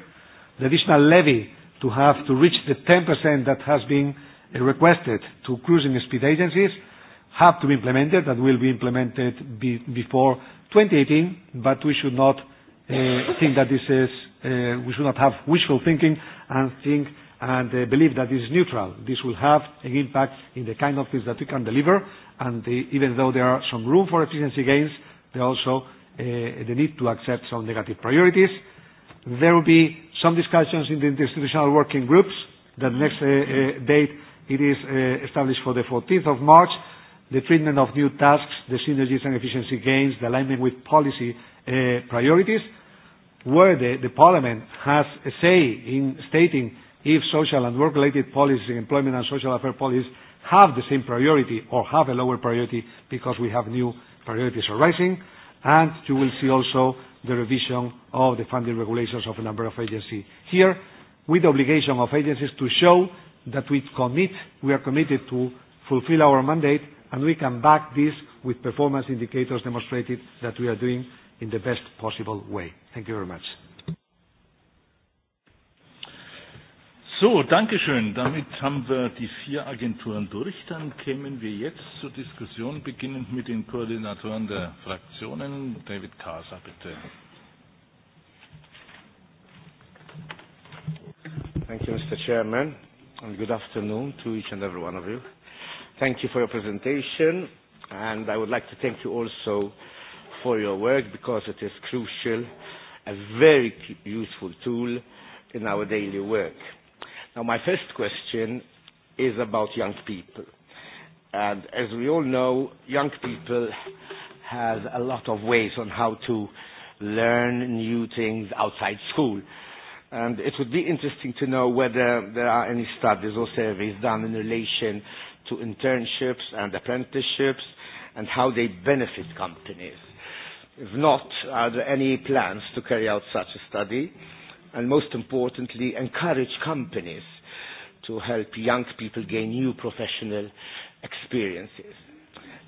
The additional levy to have to reach the 10% that has been uh, requested to cruising speed agencies have to be implemented. That will be implemented before 2018, but we should not uh, think that this is Uh, we should not have wishful thinking and think and uh, believe that this is neutral. This will have an impact in the kind of things that we can deliver. Uh, even though there are some room for efficiency gains, there are also the need to accept some negative priorities. There will be some discussions in the institutional working groups. The next date it is established for the 14th of March. The treatment of new tasks, the synergies and efficiency gains, the alignment with policy priorities where the, the parliament has a say in stating if social and work-related policies, employment and social affairs policies, have the same priority or have a lower priority because we have new priorities arising. And you will see also the revision of the funding regulations of a number of agencies here, with the obligation of agencies to show that we commit, we are committed to fulfill our mandate, and we can back this with performance indicators demonstrating that we are doing in the best possible way. Thank you very much.
So, danke schön. Damit haben wir die vier Agenturen durch. Dann kämen wir jetzt zur Diskussion, beginnend mit den Koordinatoren der Fraktionen. David Kaser, bitte.
Thank you, Mr. Chairman, and good afternoon to each and every one of you. Thank you for your presentation, and I would like to thank you also for your work because it is crucial, a very useful tool in our daily work. Now, my first question is about young people. And as we all know, young people have a lot of ways on how to learn new things outside school. And it would be interesting to know whether there are any studies or surveys done in relation to internships and apprenticeships and how they benefit companies. If not, are there any plans to carry out such a study? And most importantly, encourage companies to help young people gain new professional experiences.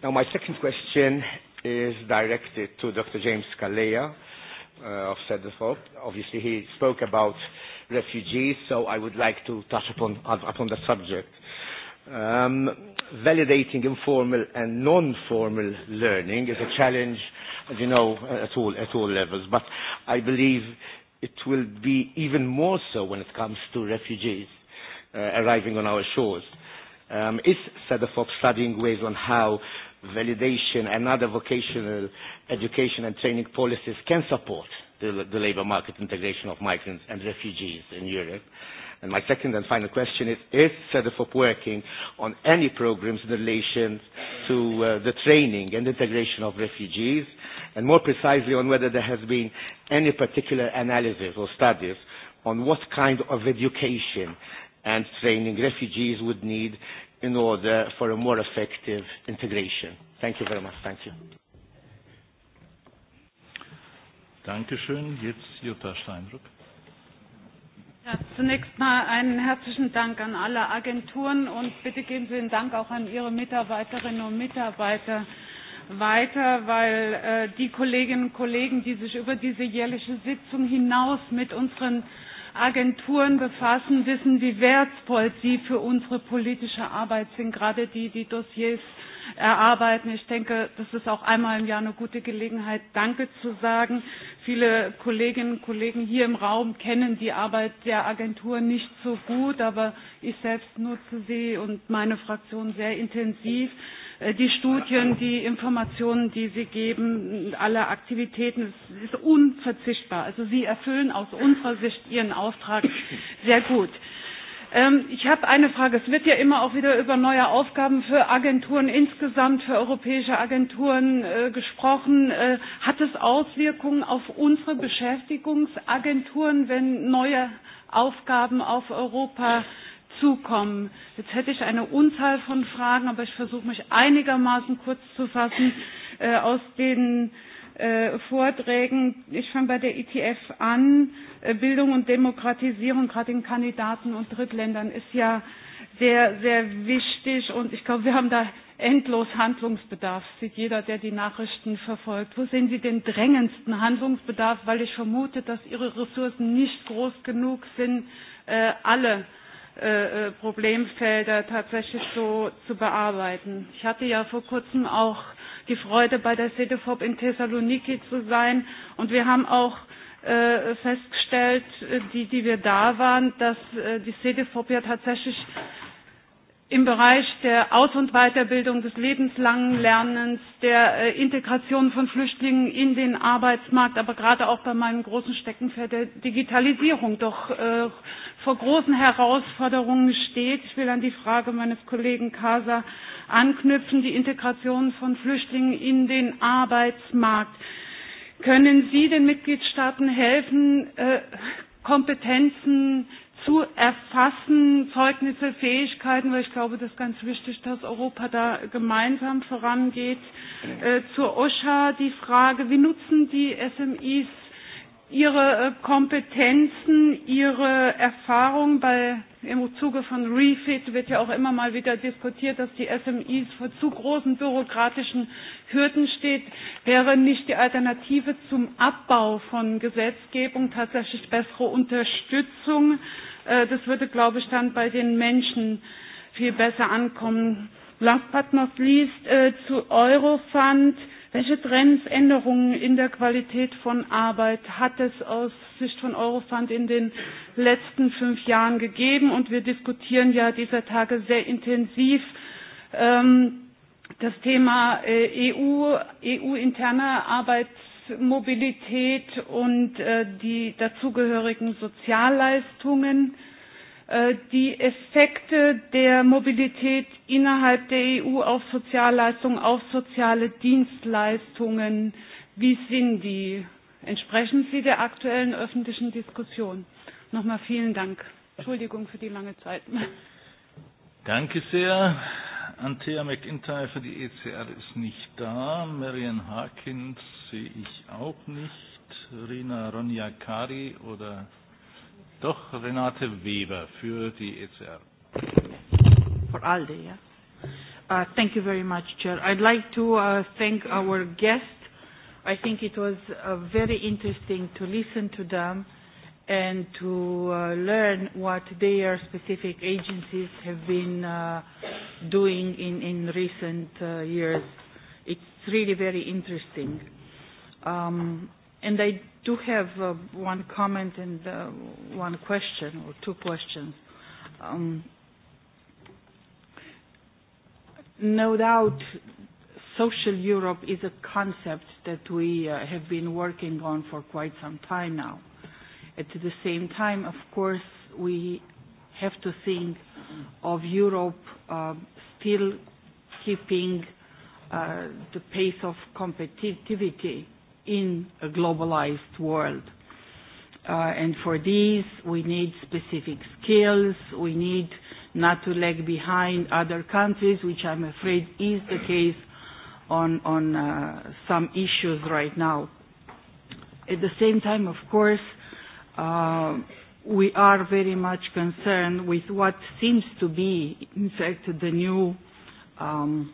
Now, my second question is directed to Dr. James Kalea uh, of CEDEFOP. Obviously, he spoke about refugees, so I would like to touch upon, upon the subject. Um, validating informal and non-formal learning is a challenge, as you know, at all, at all levels, but I believe it will be even more so when it comes to refugees uh, arriving on our shores. Um, is SEDAFOP studying ways on how validation and other vocational education and training policies can support the, the labor market integration of migrants and refugees in Europe? Uh, My second and final question is, is SEDEFOP working on any programs in relation to uh, the training and integration of refugees, and more precisely on whether there has been any particular analysis or studies on what kind of education and training refugees would need in order for a more effective integration. Thank you very much. Thank you.
Dankeschön. Jetzt Jutta Steinrück.
Ja, zunächst mal einen herzlichen Dank an alle Agenturen und bitte geben Sie den Dank auch an Ihre Mitarbeiterinnen und Mitarbeiter weiter, weil äh, die Kolleginnen und Kollegen, die sich über diese jährliche Sitzung hinaus mit unseren Agenturen befassen, wissen, wie wertvoll sie für unsere politische Arbeit sind, gerade die, die Dossiers äh, erarbeiten. Ich denke, das ist auch einmal im Jahr eine gute Gelegenheit, Danke zu sagen. Viele Kolleginnen und Kollegen hier im Raum kennen die Arbeit der Agentur nicht so gut, aber ich selbst nutze sie und meine Fraktion sehr intensiv. Äh, die Studien, die Informationen, die Sie geben, alle Aktivitäten, es ist unverzichtbar. Also Sie erfüllen aus unserer Sicht Ihren Auftrag sehr gut. Ähm, ich habe eine Frage. Es wird ja immer auch wieder über neue Aufgaben für Agenturen insgesamt, für europäische Agenturen äh, gesprochen. Äh, hat es Auswirkungen auf unsere Beschäftigungsagenturen, wenn neue Aufgaben auf Europa zukommen? Jetzt hätte ich eine Unzahl von Fragen, aber ich versuche mich einigermaßen kurz zu fassen. Äh, aus den äh, Äh, Vorträgen. Ich fange bei der ETF an. Äh, Bildung und Demokratisierung, gerade in Kandidaten und Drittländern, ist ja sehr, sehr wichtig. Und ich glaube, wir haben da endlos Handlungsbedarf, sieht jeder, der die Nachrichten verfolgt. Wo sehen Sie den drängendsten Handlungsbedarf? Weil ich vermute, dass Ihre Ressourcen nicht groß genug sind, äh, alle Problemfelder tatsächlich so zu bearbeiten. Ich hatte ja vor kurzem auch die Freude, bei der CDFOB in Thessaloniki zu sein. Und wir haben auch äh, festgestellt, äh, die, die wir da waren, dass äh, die CDFOB ja tatsächlich im Bereich der Aus- und Weiterbildung, des lebenslangen Lernens, der äh, Integration von Flüchtlingen in den Arbeitsmarkt, aber gerade auch bei meinem großen Steckenpferd der Digitalisierung doch äh, vor großen Herausforderungen steht. Ich will an die Frage meines Kollegen Kasa anknüpfen, die Integration von Flüchtlingen in den Arbeitsmarkt. Können Sie den Mitgliedstaaten helfen, äh, Kompetenzen zu erfassen, Zeugnisse, Fähigkeiten, weil ich glaube, das ist ganz wichtig, dass Europa da gemeinsam vorangeht. Ja. Äh, zur OSHA die Frage, wie nutzen die SMIs Ihre äh, Kompetenzen, Ihre Erfahrung bei, im Zuge von Refit wird ja auch immer mal wieder diskutiert, dass die SMEs vor zu großen bürokratischen Hürden steht. Wäre nicht die Alternative zum Abbau von Gesetzgebung tatsächlich bessere Unterstützung? Äh, das würde, glaube ich, dann bei den Menschen viel besser ankommen. Last but not least, äh, zu Eurofund. Äh, Welche Trends, Änderungen in der Qualität von Arbeit hat es aus Sicht von Eurofund in den letzten fünf Jahren gegeben? Und wir diskutieren ja dieser Tage sehr intensiv ähm, das Thema äh, EU, EU-interne Arbeitsmobilität und äh, die dazugehörigen Sozialleistungen. Øh, die Effekte der Mobilität innerhalb der EU auf Sozialleistungen, auf soziale Dienstleistungen, wie sind die? Entsprechen sie der aktuellen öffentlichen Diskussion? Nochmal vielen Dank. Entschuldigung für die lange Zeit.
Danke sehr. Anthea McIntyre für die ECR ist nicht da. Marian Harkins sehe ich auch nicht. Rina Ronja Kari oder Doch Renate Weber für die ECR.
For ALDE, yeah. Uh, thank you very much, Chair. I'd like to uh, thank our guests. I think it was uh, very interesting to listen to them and to uh, learn what their specific agencies have been uh, doing in, in recent uh, years. It's really very interesting. Um, And I do have uh, one comment and uh, one question, or two questions. Um, no doubt, social Europe is a concept that we uh, have been working on for quite some time now. At the same time, of course, we have to think of Europe uh, still keeping uh, the pace of competitiveness in a globalized world. Uh, and for this, we need specific skills. We need not to lag behind other countries, which I'm afraid is the case on, on uh, some issues right now. At the same time, of course, uh, we are very much concerned with what seems to be, in fact, the new, um,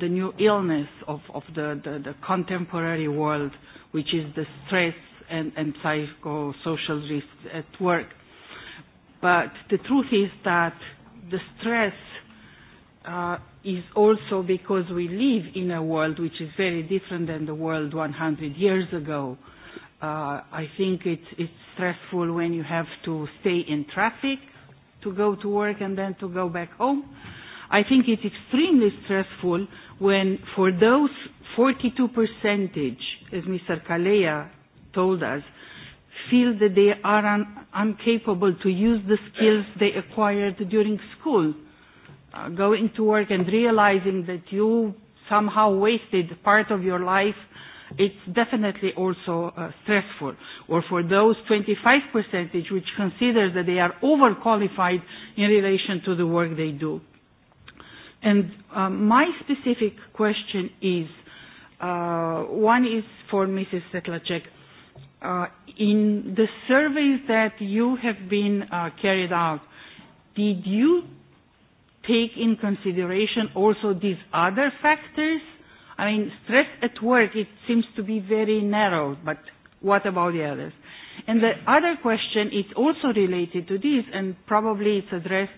the new illness of, of the, the, the contemporary world, which is the stress and, and psychosocial risks at work. But the truth is that the stress uh, is also because we live in a world which is very different than the world 100 years ago. Uh, I think it, it's stressful when you have to stay in traffic to go to work and then to go back home. Uh, I think it's extremely stressful when for those 42 percentage, as Mr. Kalea told us, feel that they are un- incapable to use the skills they acquired during school, uh, going to work and realizing that you somehow wasted part of your life, it's definitely also uh, stressful. Or for those 25 percentage which consider that they are overqualified in relation to the work they do. And um, my specific question is uh, one is for Mrs. Setlacek. Uh, in the surveys that you have been uh, carried out, did you take in consideration also these other factors? I mean, stress at work, it seems to be very narrow, but what about the others? And the other question is also related to this, and probably it's addressed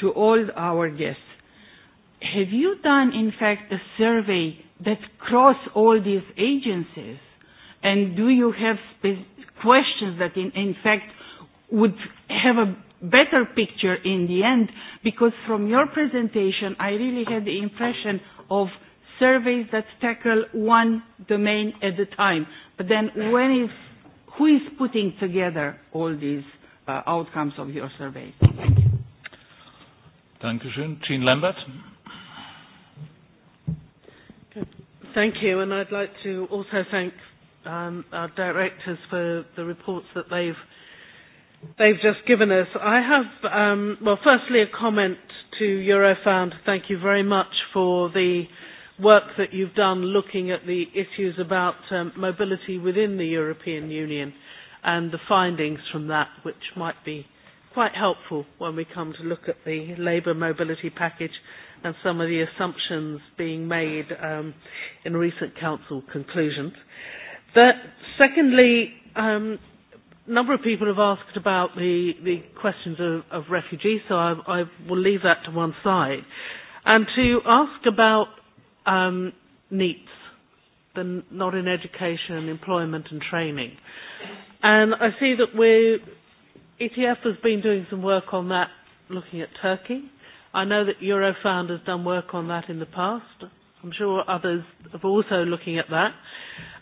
to all our guests have you done, in fact, a survey that cross all these agencies? And do you have spe- questions that, in, in fact, would have a better picture in the end? Because from your presentation, I really had the impression of surveys that tackle one domain at a time. But then, when is, who is putting together all these uh, outcomes of your survey? Thank you.
Thank you, Jean Lambert.
Thank you,
and I'd like to also thank um, our directors for the reports that they've they've just given us. I have, um, well, firstly a comment to Eurofound. Thank you very much for the work that you've done looking at the issues about um, mobility within the European Union and the findings from that, which might be quite helpful when we come to look at the labour mobility package and some of the assumptions being made um, in recent council conclusions. But secondly, a um, number of people have asked about the, the questions of, of refugees, so I, I will leave that to one side. And to ask about um, NEETs, the Not in Education, Employment and Training. And I see that we're, ETF has been doing some work on that, looking at Turkey, I know that Eurofound has done work on that in the past. I'm sure others are also looking at that.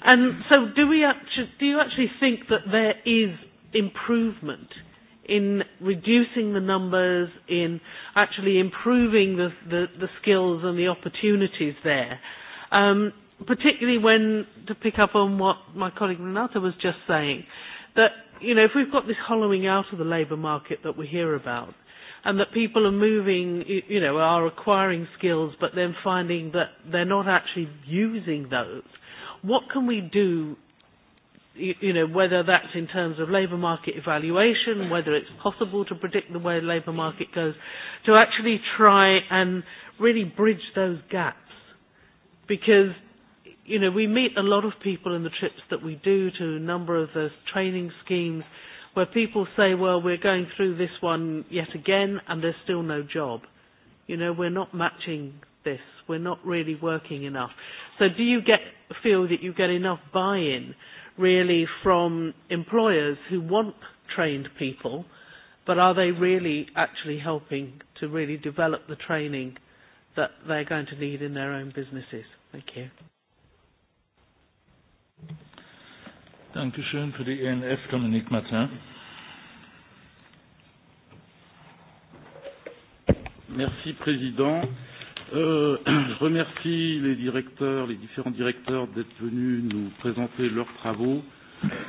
And so do, we actually, do you actually think that there is improvement in reducing the numbers, in actually improving the, the, the skills and the opportunities there? Um, particularly when, to pick up on what my colleague Renata was just saying, that, you know, if we've got this hollowing out of the labour market that we hear about, and that people are moving, you know, are acquiring skills, but then finding that they're not actually using those. What can we do, you know, whether that's in terms of labour market evaluation, whether it's possible to predict the way the labour market goes, to actually try and really bridge those gaps? Because you know, we meet a lot of people in the trips that we do to a number of those training schemes where people say, well, we're going through this one yet again and there's still no job. You know, we're not matching this. We're not really working enough. So do you get, feel that you get enough buy-in really from employers who want trained people, but are they really actually helping to really develop the training that they're going to need in their own businesses? Thank you.
Dankeschön für die ENF, Dominique Martin. Merci, Président. Euh, je remercie les directeurs, les différents directeurs d'être venus nous présenter leurs travaux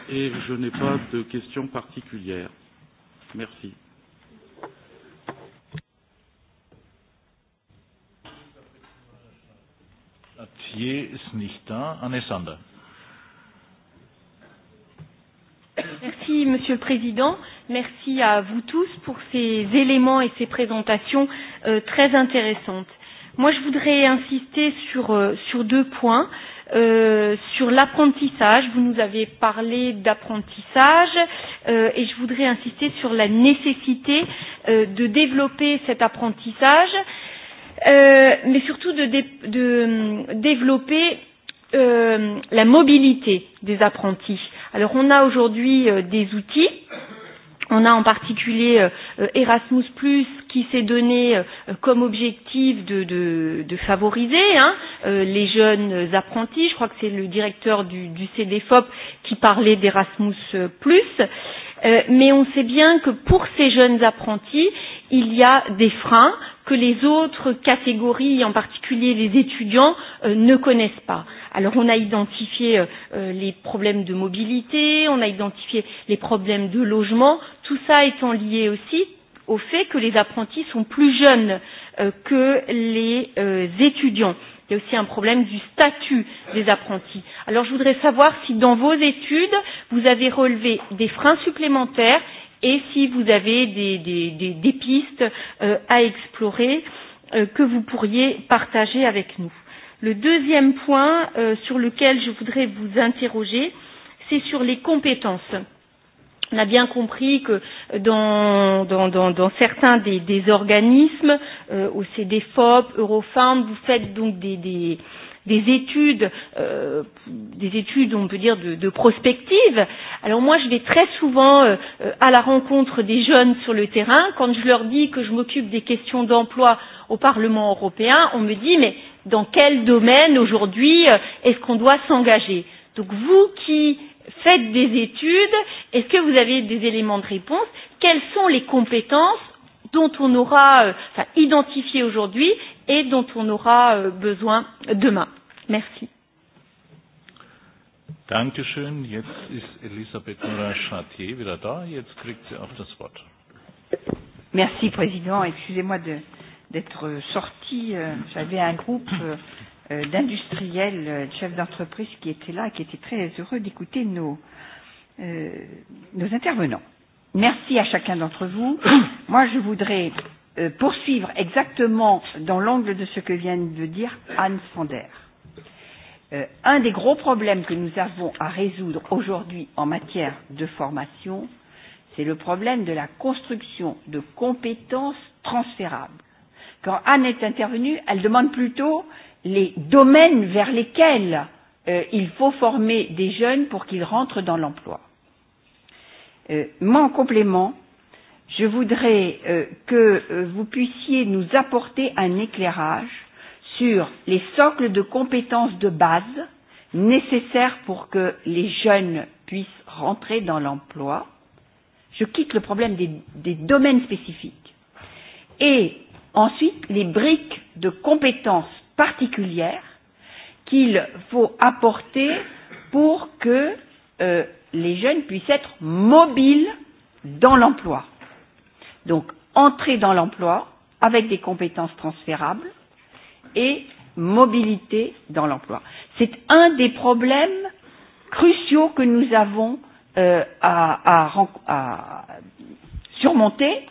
et je n'ai pas de questions particulières. Merci. Thier ist nicht da. Anne Sander.
Merci Monsieur le Président. Merci à vous tous pour ces éléments et ces présentations euh, très intéressantes. Moi, je voudrais insister sur, euh, sur deux points. Euh, sur l'apprentissage, vous nous avez parlé d'apprentissage euh, et je voudrais insister sur la nécessité euh, de développer cet apprentissage, euh, mais surtout de, dé de développer euh, la mobilité des apprentis. Alors on a aujourd'hui euh, des outils. On a en particulier euh, euh Erasmus, qui s'est donné euh, comme objectif de, de, de favoriser hein, euh, les jeunes apprentis. Je crois que c'est le directeur du, du CDFOP qui parlait d'Erasmus. Euh, euh, mais on sait bien que pour ces jeunes apprentis, il y a des freins que les autres catégories, en particulier les étudiants, euh, ne connaissent pas. Alors on a identifié euh, euh, les problèmes de mobilité, on a identifié les problèmes de logement, tout ça étant lié aussi au fait que les apprentis sont plus jeunes euh, que les euh, étudiants. Il y a aussi un problème du statut des apprentis. Alors je voudrais savoir si dans vos études, vous avez relevé des freins supplémentaires et si vous avez des, des, des, des pistes euh, à explorer euh, que vous pourriez partager avec nous. Le deuxième point euh, sur lequel je voudrais vous interroger, c'est sur les compétences. On a bien compris que dans, dans, dans, dans certains des, des organismes, euh, au CDFOP, Eurofarm, vous faites donc des, des, euh, des études, euh, des études, on peut dire, de, de prospective. Alors moi, je vais très souvent euh, à la rencontre des jeunes sur le terrain. Quand je leur dis que je m'occupe des questions d'emploi au Parlement européen, on me dit mais dans quel domaine aujourd'hui euh, est-ce qu'on doit s'engager Donc vous qui faites des études, est-ce que vous avez des éléments de réponse Quelles sont les compétences dont on aura euh, enfin, identifié aujourd'hui et dont on aura euh, besoin demain. Merci.
Dankeschön. Jetzt ist Elisabeth Murat-Chartier wieder da. Jetzt kriegt sie auch das Wort.
Merci, Président. Excusez-moi d'être sorti. Euh, j'avais un groupe euh, euh, d'industriels, chefs d'entreprise qui étaient là et qui étaient très heureux d'écouter nos, euh, nos intervenants. Merci à chacun d'entre vous. Moi, je voudrais poursuivre exactement dans l'angle de ce que vient de dire Anne Sander. Euh, un des gros problèmes que nous avons à résoudre aujourd'hui en matière de formation, c'est le problème de la construction de compétences transférables. Quand Anne est intervenue, elle demande plutôt les domaines vers lesquels euh, il faut former des jeunes pour qu'ils rentrent dans l'emploi. Euh, moi, en complément, je voudrais euh, que euh, vous puissiez nous apporter un éclairage sur les socles de compétences de base nécessaires pour que les jeunes puissent rentrer dans l'emploi, je quitte le problème des, des domaines spécifiques. Et ensuite, les briques de compétences particulières qu'il faut apporter pour que euh, les jeunes puissent être mobiles dans l'emploi. Donc, entrer dans l'emploi avec des compétences transférables, et mobilité dans l'emploi. C'est un des problèmes cruciaux que nous avons euh, à, à, à surmonter.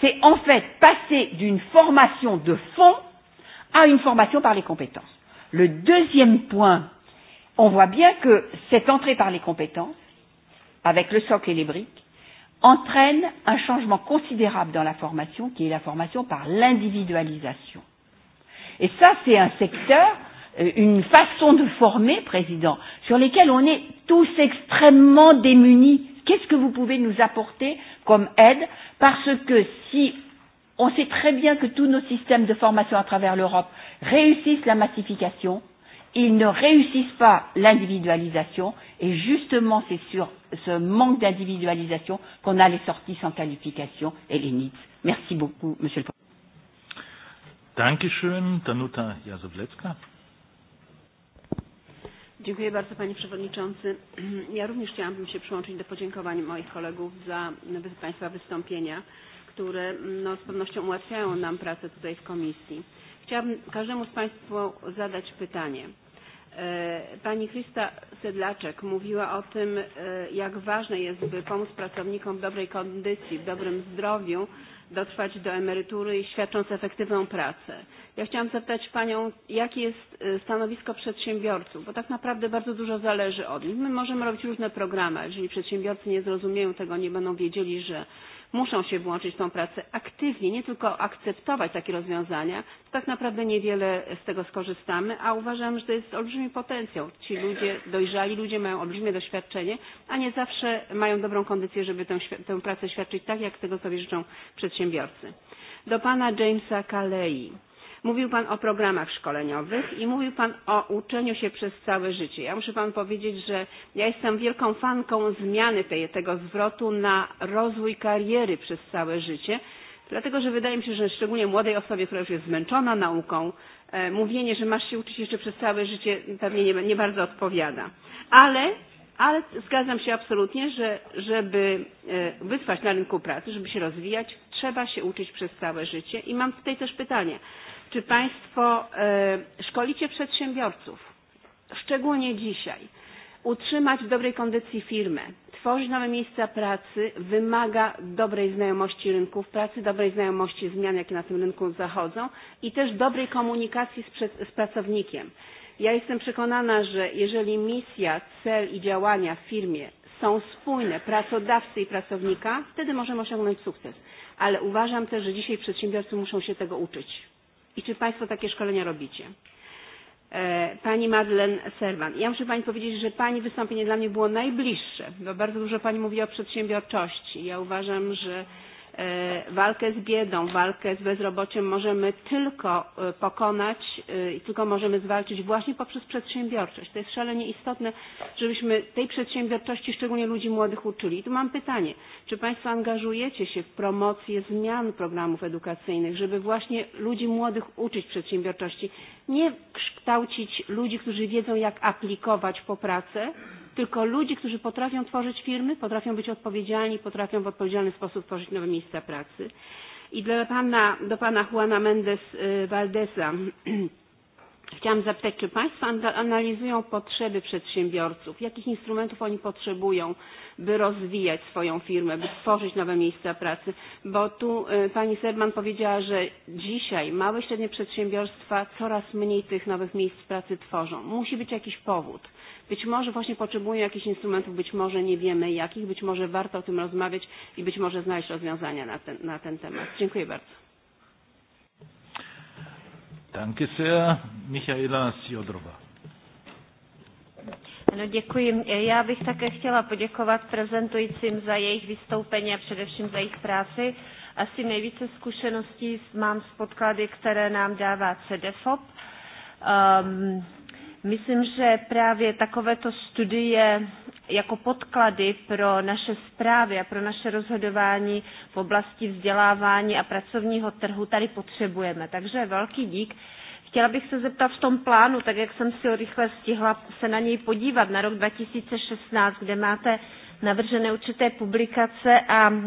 C'est en fait passer d'une formation de fond à une formation par les compétences. Le deuxième point, on voit bien que cette entrée par les compétences, avec le socle et les briques, entraîne un changement considérable dans la formation, qui est la formation par l'individualisation. Et ça, c'est un secteur, euh, une façon de former, président, sur lesquels on est tous extrêmement démunis. Qu'est-ce que vous pouvez nous apporter comme aide Parce que si on sait très bien que tous nos systèmes de formation à travers l'Europe réussissent la massification, ils ne réussissent pas l'individualisation, et justement, c'est sur ce manque d'individualisation qu'on a les sorties sans qualification et les NITS. Merci beaucoup, Monsieur le Président.
Dankeschön, Danuta Jasowlecka.
Dziękuję bardzo, Panie Przewodniczący. Ja również chciałabym się przyłączyć do podziękowań moich kolegów za Państwa wystąpienia, które no, z pewnością ułatwiają nam pracę tutaj w Komisji. Chciałabym każdemu z Państwa zadać pytanie. E, pani Krista Sedlaczek mówiła o tym, e, jak ważne jest, by pomóc pracownikom w dobrej kondycji, w dobrym zdrowiu, dotrwać do emerytury i świadcząc efektywną pracę. Ja chciałam zapytać Panią, jakie jest stanowisko przedsiębiorców, bo tak naprawdę bardzo dużo zależy od nich. My możemy robić różne programy, jeżeli przedsiębiorcy nie zrozumieją tego, nie będą wiedzieli, że muszą się włączyć w tę pracę aktywnie nie tylko akceptować takie rozwiązania to tak naprawdę niewiele z tego skorzystamy a uważam że to jest olbrzymi potencjał ci ludzie dojrzali ludzie mają olbrzymie doświadczenie a nie zawsze mają dobrą kondycję żeby tę, tę pracę świadczyć tak jak tego sobie życzą przedsiębiorcy. do pana jamesa kaleya Mówił Pan o programach szkoleniowych i mówił Pan o uczeniu się przez całe życie. Ja muszę Pan powiedzieć, że ja jestem wielką fanką zmiany tej, tego zwrotu na rozwój kariery przez całe życie, dlatego że wydaje mi się, że szczególnie młodej osobie, która już jest zmęczona nauką, e, mówienie, że masz się uczyć jeszcze przez całe życie pewnie nie, nie bardzo odpowiada. Ale, ale zgadzam się absolutnie, że żeby e, wytrwać na rynku pracy, żeby się rozwijać, trzeba się uczyć przez całe życie i mam tutaj też pytanie czy Państwo e, szkolicie przedsiębiorców, szczególnie dzisiaj, utrzymać w dobrej kondycji firmę, tworzyć nowe miejsca pracy wymaga dobrej znajomości rynków pracy, dobrej znajomości zmian, jakie na tym rynku zachodzą i też dobrej komunikacji z, przed, z pracownikiem. Ja jestem przekonana, że jeżeli misja, cel i działania w firmie są spójne pracodawcy i pracownika, wtedy możemy osiągnąć sukces. Ale uważam też, że dzisiaj przedsiębiorcy muszą się tego uczyć i czy Państwo takie szkolenia robicie? E, pani Madeleine Serwan. Ja muszę Pani powiedzieć, że Pani wystąpienie dla mnie było najbliższe, bo bardzo dużo Pani mówiła o przedsiębiorczości. Ja uważam, że E, walkę z biedą, walkę z bezrobociem możemy tylko e, pokonać e, i tylko możemy zwalczyć właśnie poprzez przedsiębiorczość. To jest szalenie istotne, żebyśmy tej przedsiębiorczości szczególnie ludzi młodych uczyli. I tu mam pytanie, czy Państwo angażujecie się w promocję zmian programów edukacyjnych, żeby właśnie ludzi młodych uczyć przedsiębiorczości, nie kształcić ludzi, którzy wiedzą jak aplikować po pracę, tylko ludzi którzy potrafią tworzyć firmy potrafią być odpowiedzialni potrafią w odpowiedzialny sposób tworzyć nowe miejsca pracy. i dla pana, do pana juana mendes valdesa chciałam zapytać czy państwo analizują potrzeby przedsiębiorców jakich instrumentów oni potrzebują by rozwijać swoją firmę by tworzyć nowe miejsca pracy bo tu pani serman powiedziała że dzisiaj małe i średnie przedsiębiorstwa coraz mniej tych nowych miejsc pracy tworzą musi być jakiś powód. Być może właśnie potrzebuje jakichś instrumentów, być może nie wiemy jakich, być może warto o tym rozmawiać i być może znaleźć rozwiązania na ten, na ten temat. Dziękuję bardzo.
Danke sehr, Michaela Siodrova.
No, děkuji. Já bych také chtěla poděkovat prezentujícím za jejich vystoupení a především za jejich práci. Asi nejvíce zkušeností mám z podklady, které nám dává CDFOP. Um, Myslím, že právě takovéto studie jako podklady pro naše zprávy a pro naše rozhodování v oblasti vzdělávání a pracovního trhu tady potřebujeme. Takže velký dík. Chtěla bych se zeptat v tom plánu, tak jak jsem si rychle stihla se na něj podívat, na rok 2016, kde máte navržené určité publikace a uh,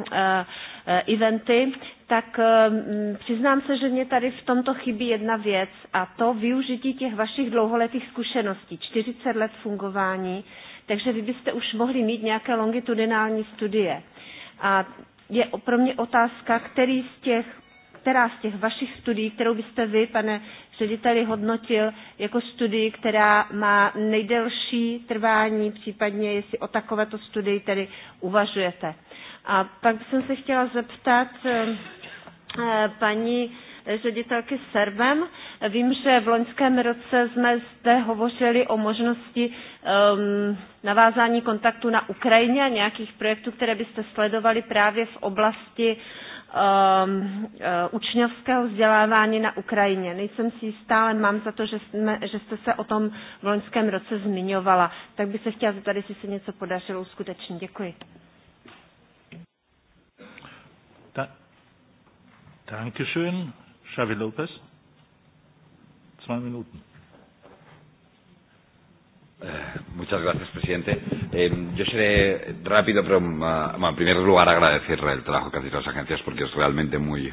eventy, tak um, přiznám se, že mě tady v tomto chybí jedna věc a to využití těch vašich dlouholetých zkušeností, 40 let fungování, takže vy byste už mohli mít nějaké longitudinální studie. A je pro mě otázka, který z těch která z těch vašich studií, kterou byste vy, pane řediteli, hodnotil jako studii, která má nejdelší trvání, případně jestli o takovéto studii tedy uvažujete. A pak jsem se chtěla zeptat ehm, eh, paní ředitelky Serbem. Vím, že v loňském roce jsme zde hovořili o možnosti um, navázání kontaktu na Ukrajině a nějakých projektů, které byste sledovali právě v oblasti uh, um, uh, učňovského vzdělávání na Ukrajině. Nejsem si jistá, ale mám za to, že, jsme, že jste se o tom v loňském roce zmiňovala. Tak bych se chtěla zeptat, jestli se něco podařilo uskutečnit. Děkuji.
Dankeschön, Xavi Lopez. Zwei Minuten.
Eh, muchas gracias, presidente. Eh, yo seré rápido, pero mm, ah, bueno, en primer lugar agradecerle el trabajo que hacen las agencias porque es realmente muy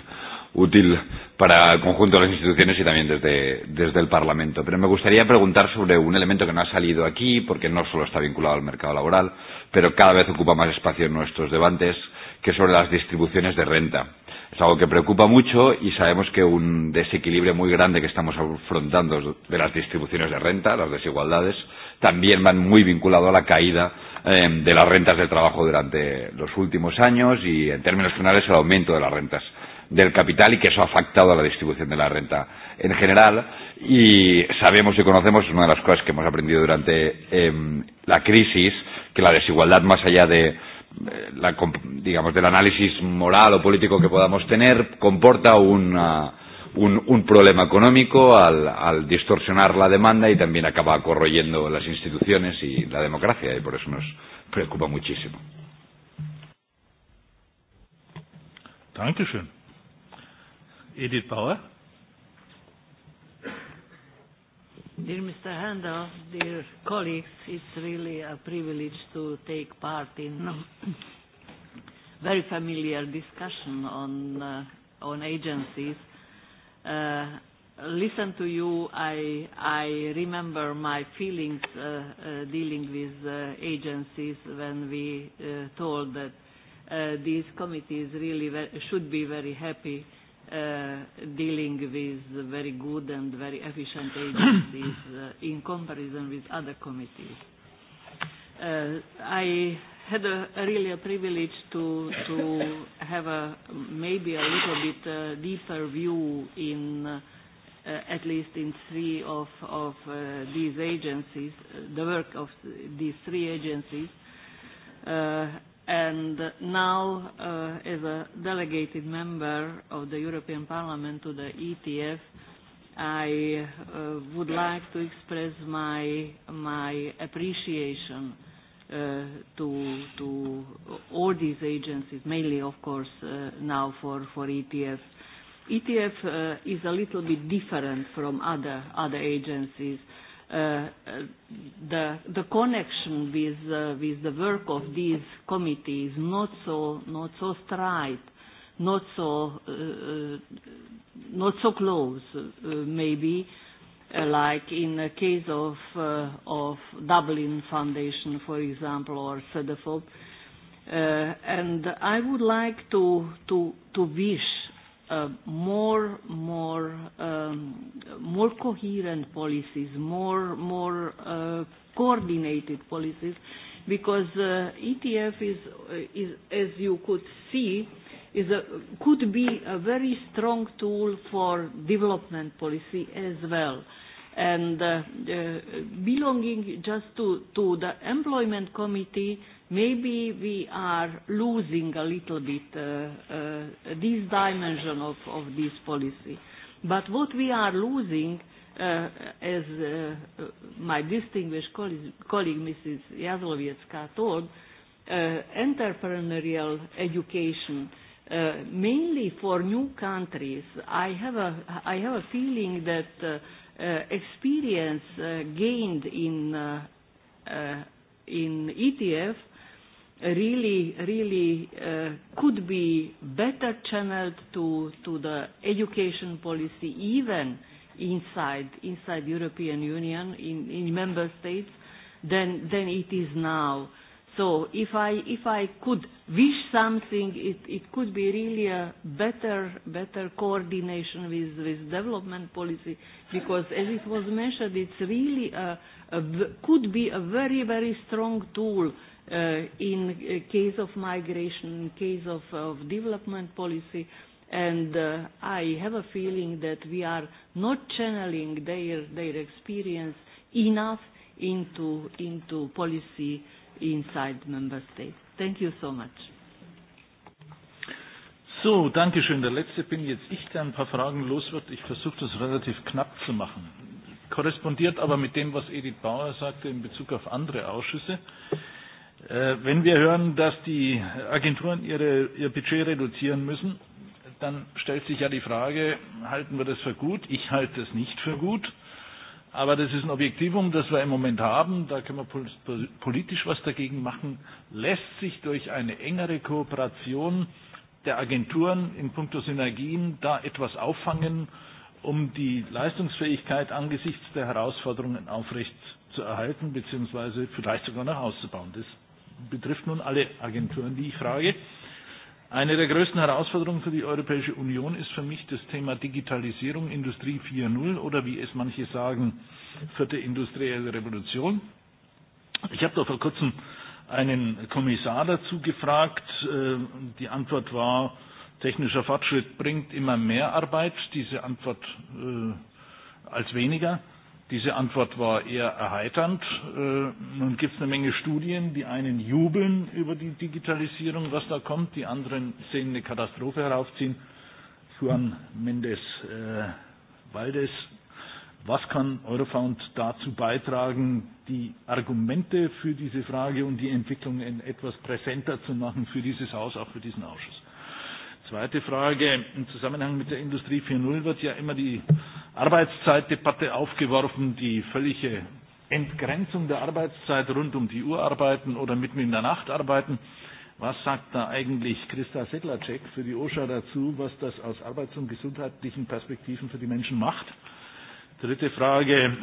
útil para el conjunto de las instituciones y también desde, desde el Parlamento. Pero me gustaría preguntar sobre un elemento que no ha salido aquí porque no solo está vinculado al mercado laboral, pero cada vez ocupa más espacio en nuestros debates, que es sobre las distribuciones de renta. Es algo que preocupa mucho y sabemos que un desequilibrio muy grande que estamos afrontando de las distribuciones de renta, las desigualdades, también van muy vinculados a la caída eh, de las rentas del trabajo durante los últimos años y, en términos generales, al aumento de las rentas del capital y que eso ha afectado a la distribución de la renta en general. Y sabemos y conocemos, es una de las cosas que hemos aprendido durante eh, la crisis, que la desigualdad más allá de. Eh, la, digamos del análisis moral o político que podamos tener comporta una, un, un problema económico al, al distorsionar la demanda y también acaba corroyendo las instituciones y la democracia y por eso nos preocupa muchísimo.
Dankeschön. Edith Bauer.
Dear Mr. Handel, dear colleagues, it's really a privilege to take part in a very familiar discussion on, uh, on agencies. Uh, listen to you, I, I remember my feelings uh, uh, dealing with uh, agencies when we uh, told that uh, these committees really should be very happy uh, dealing with very good and very efficient agencies uh, in comparison with other committees. Uh, I had a really a privilege to to have a maybe a little bit uh, deeper view in uh, at least in three of of uh, these agencies uh, the work of these three agencies uh, and now uh, as a delegated member of the European Parliament to the ETF I uh, would like to express my my appreciation Uh, to all these agencies, mainly of course, uh, now for ETF. E ETF uh, is a little bit different from other agencies. The connection with the work of this committee is not so straight, not so close, maybe. Uh, like in the case of, uh, of Dublin Foundation, for example, or Sedefold. Uh, and I would like to, to, to wish uh, more, more, um, more coherent policies, more, more uh, coordinated policies, because uh, ETF is, is, as you could see, uh, is a, could be a very strong tool for development policy as well. And uh, uh, belonging just to, to the employment committee, maybe we are losing a little bit uh, uh, this dimension of, of this policy. But what we are losing, uh, as uh, my distinguished colleague, colleague Mrs. Jazlowiecka told, uh, entrepreneurial education. Uh, mainly for new countries, I have a feeling that uh, uh, experience gained in ETF really could be better channeled to the education policy, even inside European Union, in member states, than it is now. So if I if I could wish something, it it could be really a better better coordination with with development policy, because as it was mentioned, it's really a, a could be a very very strong tool uh, in case of migration, in case of of development policy, and uh, I have a feeling that we are not channeling their their experience enough into into policy inside member states. Thank you so much.
So, danke schön. Der letzte bin jetzt ich, der ein paar Fragen los wird. Ich versuche das relativ knapp zu machen. Korrespondiert aber mit dem, was Edith Bauer sagte in Bezug auf andere Ausschüsse. Äh, wenn wir hören, dass die Agenturen ihre, ihr Budget reduzieren müssen, dann stellt sich ja die Frage, halten wir das für gut? Ich halte das nicht für gut. Äh, Aber das ist ein Objektivum, das wir im Moment haben. Da können wir politisch was dagegen machen. Lässt sich durch eine engere Kooperation der Agenturen in puncto Synergien da etwas auffangen, um die Leistungsfähigkeit angesichts der Herausforderungen aufrecht zu erhalten, beziehungsweise vielleicht sogar noch auszubauen. Das betrifft nun alle Agenturen, die ich frage. Äh, Eine der größten Herausforderungen für die Europäische Union ist für mich das Thema Digitalisierung, Industrie 4.0 oder wie es manche sagen, vierte industrielle Revolution. Ich habe da vor kurzem einen Kommissar dazu gefragt. Äh, die Antwort war, technischer Fortschritt bringt immer mehr Arbeit, diese Antwort äh, als weniger. Diese Antwort war eher erheiternd. Äh, nun gibt es eine Menge Studien. Die einen jubeln über die Digitalisierung, was da kommt. Die anderen sehen eine Katastrophe heraufziehen. Juan Mendes äh, Valdes. Was kann Eurofound dazu beitragen, die Argumente für diese Frage und die Entwicklung etwas präsenter zu machen für dieses Haus, auch für diesen Ausschuss? Zweite Frage im Zusammenhang mit der Industrie 4.0 wird ja immer die Arbeitszeitdebatte aufgeworfen, die völlige Entgrenzung der Arbeitszeit rund um die Uhr arbeiten oder mitten in der Nacht arbeiten. Was sagt da eigentlich Christa Sedlacek für die OSHA dazu, was das aus arbeits- und gesundheitlichen Perspektiven für die Menschen macht? Dritte Frage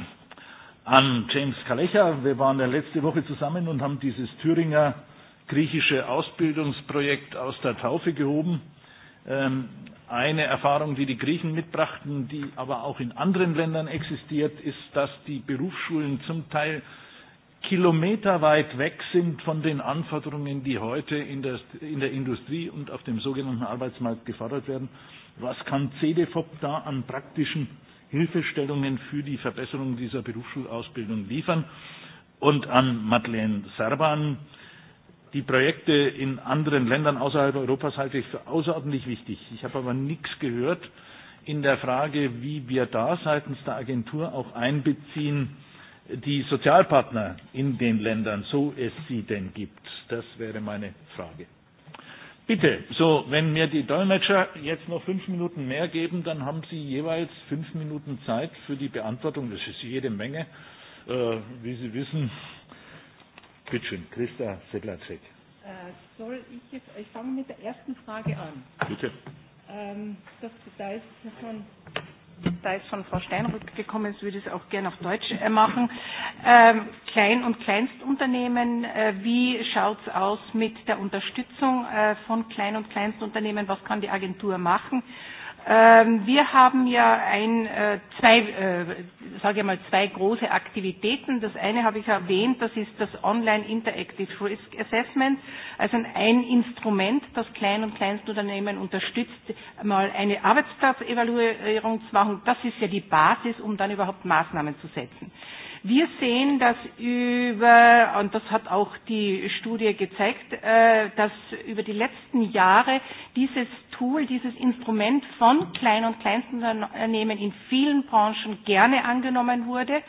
an James Kalecher. Wir waren ja letzte Woche zusammen und haben dieses Thüringer griechische Ausbildungsprojekt aus der Taufe gehoben. Ähm, eine Erfahrung, die die Griechen mitbrachten, die aber auch in anderen Ländern existiert, ist, dass die Berufsschulen zum Teil kilometerweit weg sind von den Anforderungen, die heute in der, in der Industrie und auf dem sogenannten Arbeitsmarkt gefordert werden. Was kann CDFOP da an praktischen Hilfestellungen für die Verbesserung dieser Berufsschulausbildung liefern? Und an Madeleine Sarban, äh, die Projekte in anderen Ländern außerhalb Europas halte ich für außerordentlich wichtig. Ich habe aber nichts gehört in der Frage, wie wir da seitens der Agentur auch einbeziehen, die Sozialpartner in den Ländern, so es sie denn gibt. Das wäre meine Frage. Bitte, so, wenn mir die Dolmetscher jetzt noch fünf Minuten mehr geben, dann haben sie jeweils fünf Minuten Zeit für die Beantwortung. Das ist jede Menge. Äh, wie Sie wissen, äh, Bitte schön, Christa Seglatschek.
Äh, soll ich jetzt, ich fange mit der ersten
Frage an. Bitte. Ähm, das, da, ist von, da ist von Frau Steinrück gekommen, ich würde es auch gerne auf Deutsch äh, machen. Ähm, Klein- und Kleinstunternehmen, äh, wie schaut es aus mit der Unterstützung äh, von Klein- und Kleinstunternehmen? Was kann die Agentur machen? Ähm, wir haben ja ein, äh, zwei, äh, sage ich mal, zwei große Aktivitäten. Das eine habe ich erwähnt, das ist das Online Interactive Risk Assessment, also ein Instrument, das Klein- und Kleinstunternehmen unterstützt, mal eine Arbeitsplatzevaluierung zu machen. Das ist ja die Basis, um dann überhaupt Maßnahmen zu setzen. Wir sehen, dass über, und das hat auch die Studie gezeigt, äh, dass über die letzten Jahre dieses Tool, dieses Instrument von kleinen und kleinsten Unternehmen in vielen Branchen gerne angenommen wurde,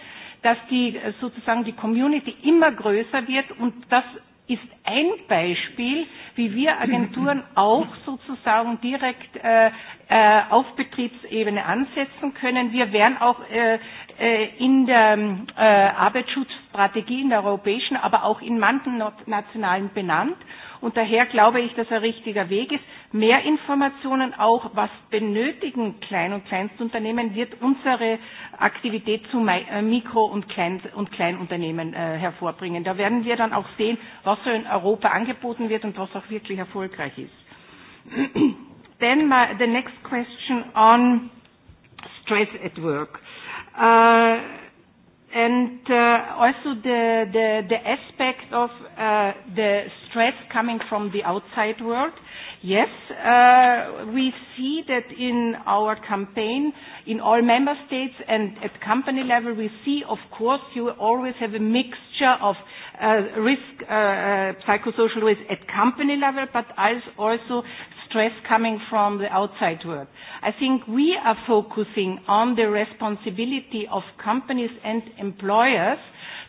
dass die sozusagen die Community immer größer wird und das ist ein Beispiel, wie wir Agenturen auch sozusagen direkt äh, äh, auf Betriebsebene ansetzen können. Wir werden auch äh, äh, in der ähm, äh, Arbeitsschutzstrategie in der europäischen, aber auch in manchen nationalen benannt. Und daher glaube ich, dass ein richtiger Weg ist. Mehr Informationen auch, was benötigen Klein- und Kleinstunternehmen, wird unsere Aktivität zu äh, Mikro- und, Klein und Kleinunternehmen äh, hervorbringen. Da werden wir dann auch sehen, was so in Europa angeboten wird und was auch wirklich erfolgreich
ist.
Then my, the next question on stress at work. Uh, and uh, also the aspect of uh, the stress coming from the outside world. Yes, uh, we see that in our campaign, in all member states and at company level, we see, of course, you always have a mixture of risk, psychosocial risk at company level, but also stress coming from the outside world. I think we are focusing on the responsibility of companies and employers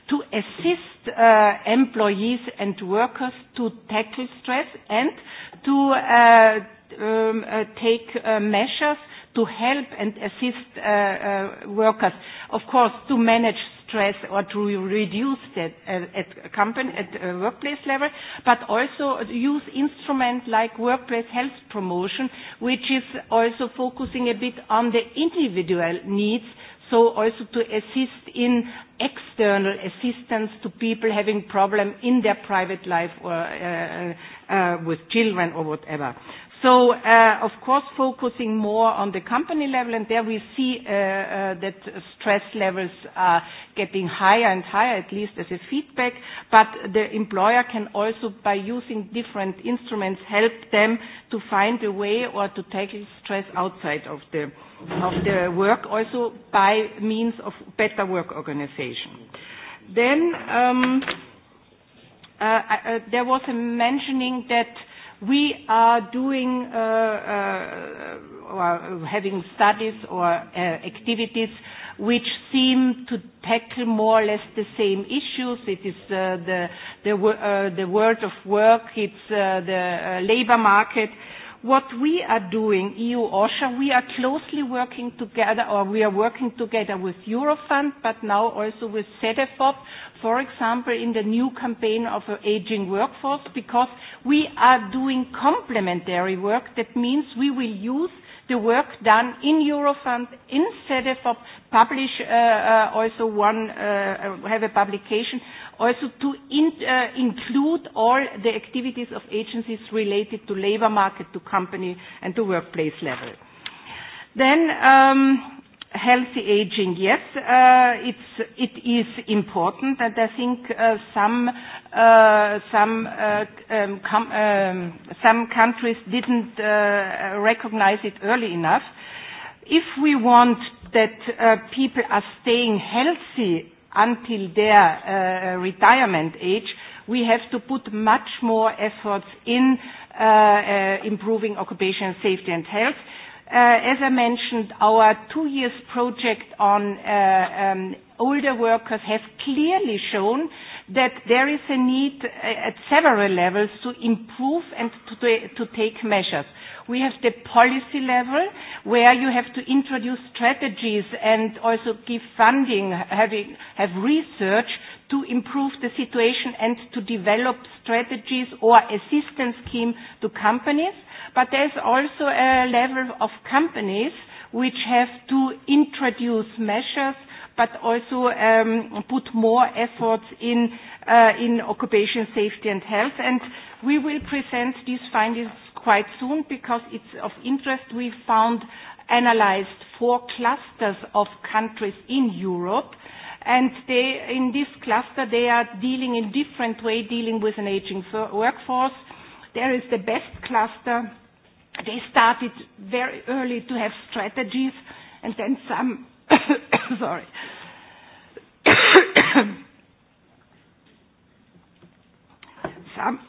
to assist uh, employees and workers to tackle stress and to uh, um, uh, take uh, measures to help and assist uh, uh, workers. Of course, to manage stress or to reduce that at company at workplace level, but also use instruments like workplace health promotion, which is also focusing a bit on the individual needs. So also to assist in external assistance to people having problem in their private life or uh, uh, with children or whatever. Uh, of course, focusing more on the company level, and there we see uh, uh, that stress levels are getting higher and higher, at least as a feedback. The employer can also, by using different instruments, help them to find a way or to tackle stress outside of the work, also by means of better work organization. Um, there was a mentioning that We are doing uh, uh, or having studies or uh, activities which seem to tackle more or less the same issues. It is the world of work, it's the labor market. What we are doing, EU-OSHA, we are closely working together, or we are working together with Eurofund, but now also with Cedefop, for example, in the new campaign of aging workforce, because we are doing complementary work. That means we will use the work done in Eurofund instead of publish uh, uh, also one uh, uh, have a publication also to in, uh, include all the activities of agencies related to labor market to company and to workplace level then um, healthy aging, yes, uh, it's, it is important, and I think uh, some uh, some uh, um, com- um, some countries didn't uh, recognize it early enough. If we want that uh, people are staying healthy until their uh, retirement age, we have to put much more efforts in uh, uh, improving occupational safety and health. Uh, as I mentioned, our two years project on uh, um, older workers have clearly shown that there is a need uh, at several levels to improve and to take measures. We have the policy level where you have to introduce strategies and also give funding, having, have research to improve the situation and to develop strategies or assistance scheme to companies. But there's also a level of companies which have to introduce measures but also um, put more efforts in, uh, in occupation safety and health. And we will present these findings quite soon because it's of interest. We found analyzed four clusters of countries in Europe. And they, in this cluster, they are dealing in different way, dealing with an aging workforce. There is the best cluster. They started very early to have strategies and then some, sorry. some,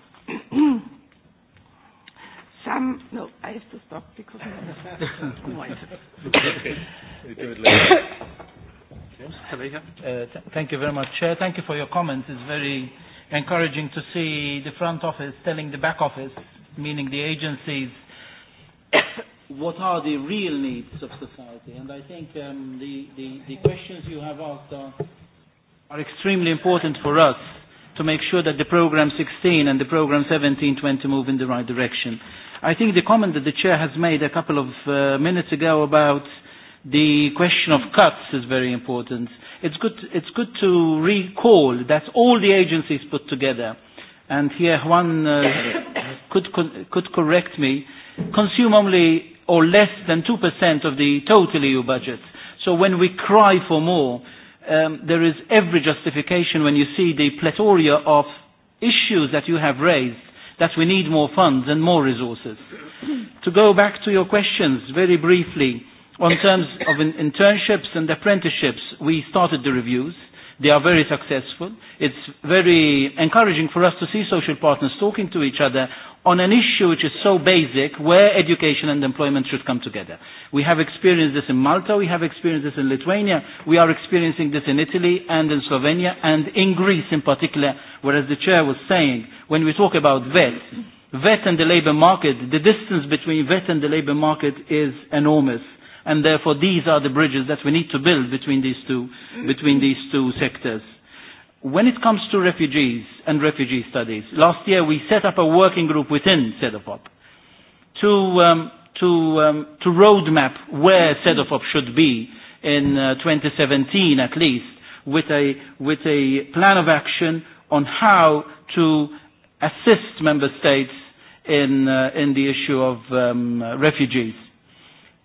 some, no,
I have to stop because I have
to noise. Uh, thank you very much. Chair, thank you for your comments. It's very encouraging to see the front office telling the back office, meaning the agencies, what are the real needs of society. And I think um, the, the, the questions you have asked are, are extremely important for us to make sure that the program 16 and the program 17 20 move in the right direction. I think the comment that the chair has made a couple of uh, minutes ago about the question of cuts is very important. It's good, it's good to recall that all the agencies put together, and here Juan uh, could, could correct me, consume only or less than 2% of the total EU budget. So when we cry for more, um, there is every justification when you see the plethora of issues that you have raised that we need more funds and more resources. to go back to your questions very briefly, on terms of in- internships and apprenticeships, we started the reviews they are very successful. It's very encouraging for us to see social partners talking to each other on an issue which is so basic where education and employment should come together. We have experienced this in Malta, we have experienced this in Lithuania, we are experiencing this in Italy and in Slovenia and in Greece in particular, whereas the chair was saying, when we talk about VET, VET and the labour market, the distance between VET and the labour market is enormous and therefore these are the bridges that we need to build between these two between mm-hmm. these two sectors when it comes to refugees and refugee studies, last year we set up a working group within CEDOFOP to, um, to, um, to roadmap where CEDOFOP mm-hmm. should be in uh, 2017 at least with a, with a plan of action on how to assist member states in, uh, in the issue of um, refugees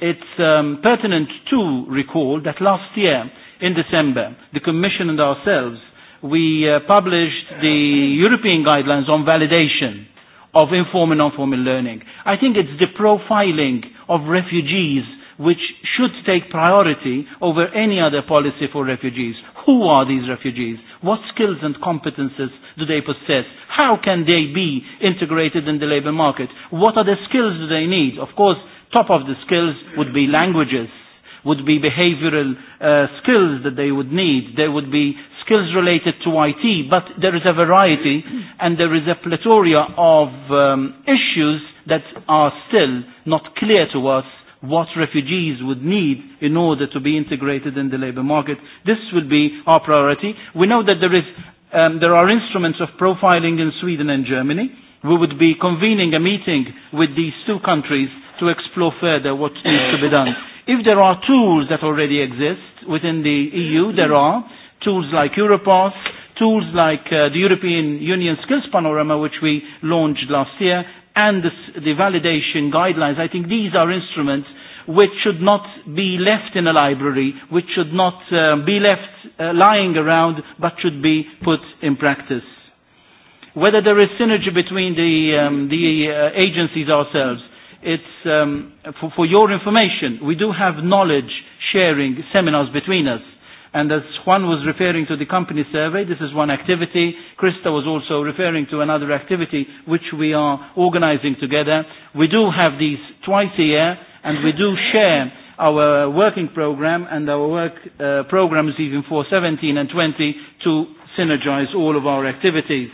it's um, pertinent to recall that last year, in December, the Commission and ourselves, we uh, published the European guidelines on validation of informal and non-formal learning. I think it's the profiling of refugees which should take priority over any other policy for refugees. Who are these refugees? What skills and competences do they possess? How can they be integrated in the labor market? What are the skills do they need? Of course, top of the skills would be languages, would be behavioral uh, skills that they would need. There would be skills related to IT, but there is a variety and there is a plethora of um, issues that are still not clear to us what refugees would need in order to be integrated in the labor market. This will be our priority. We know that there, is, um, there are instruments of profiling in Sweden and Germany. We would be convening a meeting with these two countries to explore further what needs to be done. If there are tools that already exist within the EU, there are tools like Europass, tools like uh, the European Union Skills Panorama, which we launched last year, and the, the validation guidelines, I think these are instruments which should not be left in a library, which should not uh, be left uh, lying around, but should be put in practice. Whether there is synergy between the, um, the uh, agencies ourselves, it's um, for, for your information, we do have knowledge sharing seminars between us. And as Juan was referring to the company survey, this is one activity. Krista was also referring to another activity which we are organizing together. We do have these twice a year and we do share our working program and our work uh, programs even for 17 and 20 to synergize all of our activities.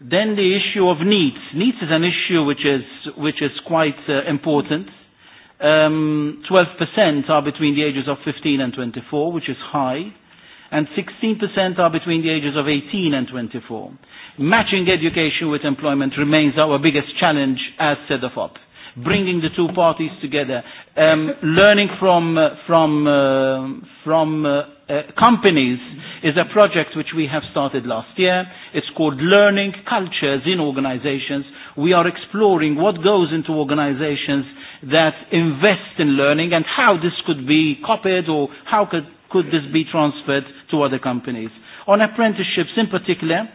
Then the issue of needs. Needs is an issue which is, which is quite uh, important um, 12% are between the ages of 15 and 24, which is high, and 16% are between the ages of 18 and 24. Matching education with employment remains our biggest challenge as set of op. Bringing the two parties together, um, learning from uh, from uh, from uh, uh, companies is a project which we have started last year. It's called Learning Cultures in Organizations. We are exploring what goes into organizations that invest in learning and how this could be copied or how could, could this be transferred to other companies. On apprenticeships in particular,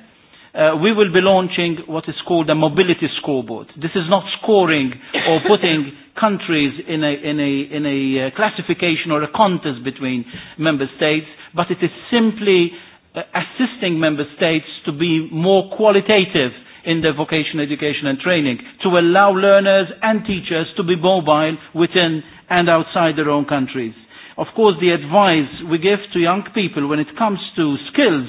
uh, we will be launching what is called a mobility scoreboard. This is not scoring or putting countries in a, in a, in a uh, classification or a contest between member states, but it is simply uh, assisting member states to be more qualitative in their vocational education and training to allow learners and teachers to be mobile within and outside their own countries. Of course, the advice we give to young people when it comes to skills,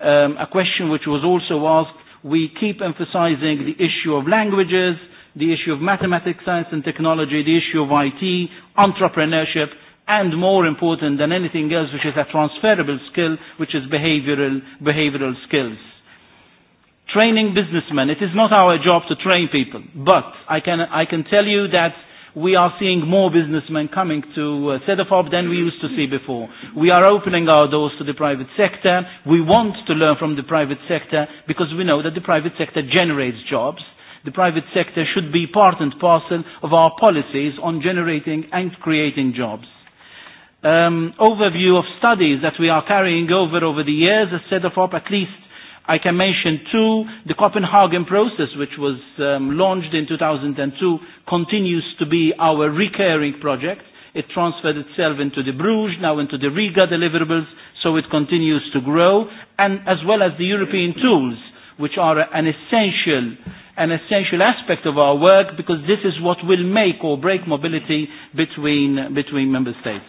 um, a question which was also asked, we keep emphasizing the issue of languages, the issue of mathematics, science and technology, the issue of IT, entrepreneurship, and more important than anything else, which is a transferable skill, which is behavioral, behavioral skills training businessmen. It is not our job to train people. But I can, I can tell you that we are seeing more businessmen coming to uh, Sedefop than we used to see before. We are opening our doors to the private sector. We want to learn from the private sector because we know that the private sector generates jobs. The private sector should be part and parcel of our policies on generating and creating jobs. Um, overview of studies that we are carrying over over the years at Sedefop, at least I can mention two. The Copenhagen process, which was um, launched in 2002, continues to be our recurring project. It transferred itself into the Bruges, now into the Riga deliverables, so it continues to grow. And as well as the European tools, which are an essential, an essential aspect of our work, because this is what will make or break mobility between, between member states.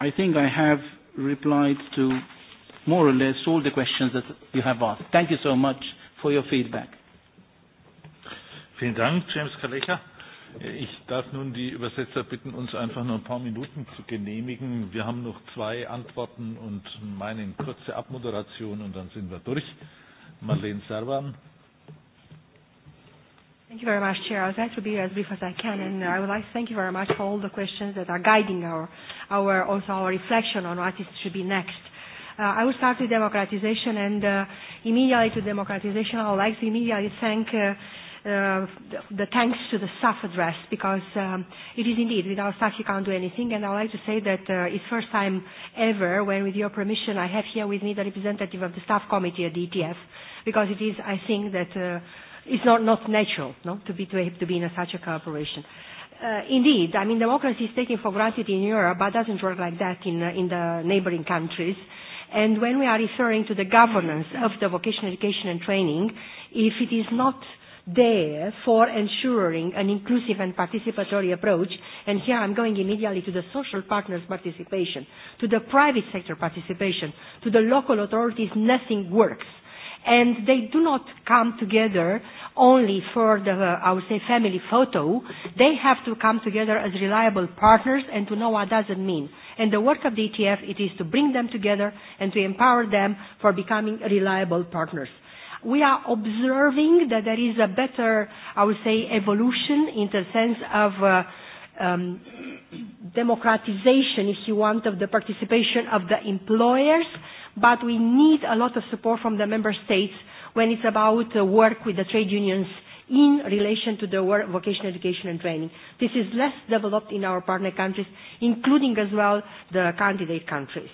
I think I have replied to more or less all the questions that you have asked. Thank you so much for your feedback. Vielen Dank, James Kalecha. Ich darf nun
die Übersetzer bitten, uns einfach nur ein paar Minuten zu genehmigen. Wir haben noch zwei Antworten und meine kurze Abmoderation und dann sind wir durch. Marlene Servan.
Thank you very much, Chair. I'll try to be as brief as I can, and I would like to thank you very much for all the questions that are guiding our, our also our reflection on what is to be next. Uh, I will start with democratization and uh, immediately to democratization, I would like to immediately thank uh, uh, the, the thanks to the staff address because um, it is indeed, without staff you can't do anything and I would like to say that uh, it's first time ever when with your permission I have here with me the representative of the staff committee at the ETF because it is, I think, that uh, it's not, not natural no, to, be, to, to be in a, such a cooperation. Uh, indeed, I mean, democracy is taken for granted in Europe, but doesn't work like that in, uh, in the neighboring countries. Uh, And when we are referring to the governance of the vocational education and training, if it is not there for ensuring an inclusive and participatory approach, and here I'm going immediately to the social partners' participation, to the private sector participation, to the local authorities, nothing works. And they do not come together only for the, uh, I would say, family photo. They have to come together as reliable partners and to know what does it mean and the work of the ETF, it is to bring them together and to empower them for becoming reliable partners. We are observing that there is a better, I would say, evolution in the sense of uh, um, democratization, if you want, of the participation of the employers, but we need a lot of support from the member states when it's about uh, work with the trade unions in relation to the work, vocational education and training. This is less developed in our partner countries, including as well the candidate countries.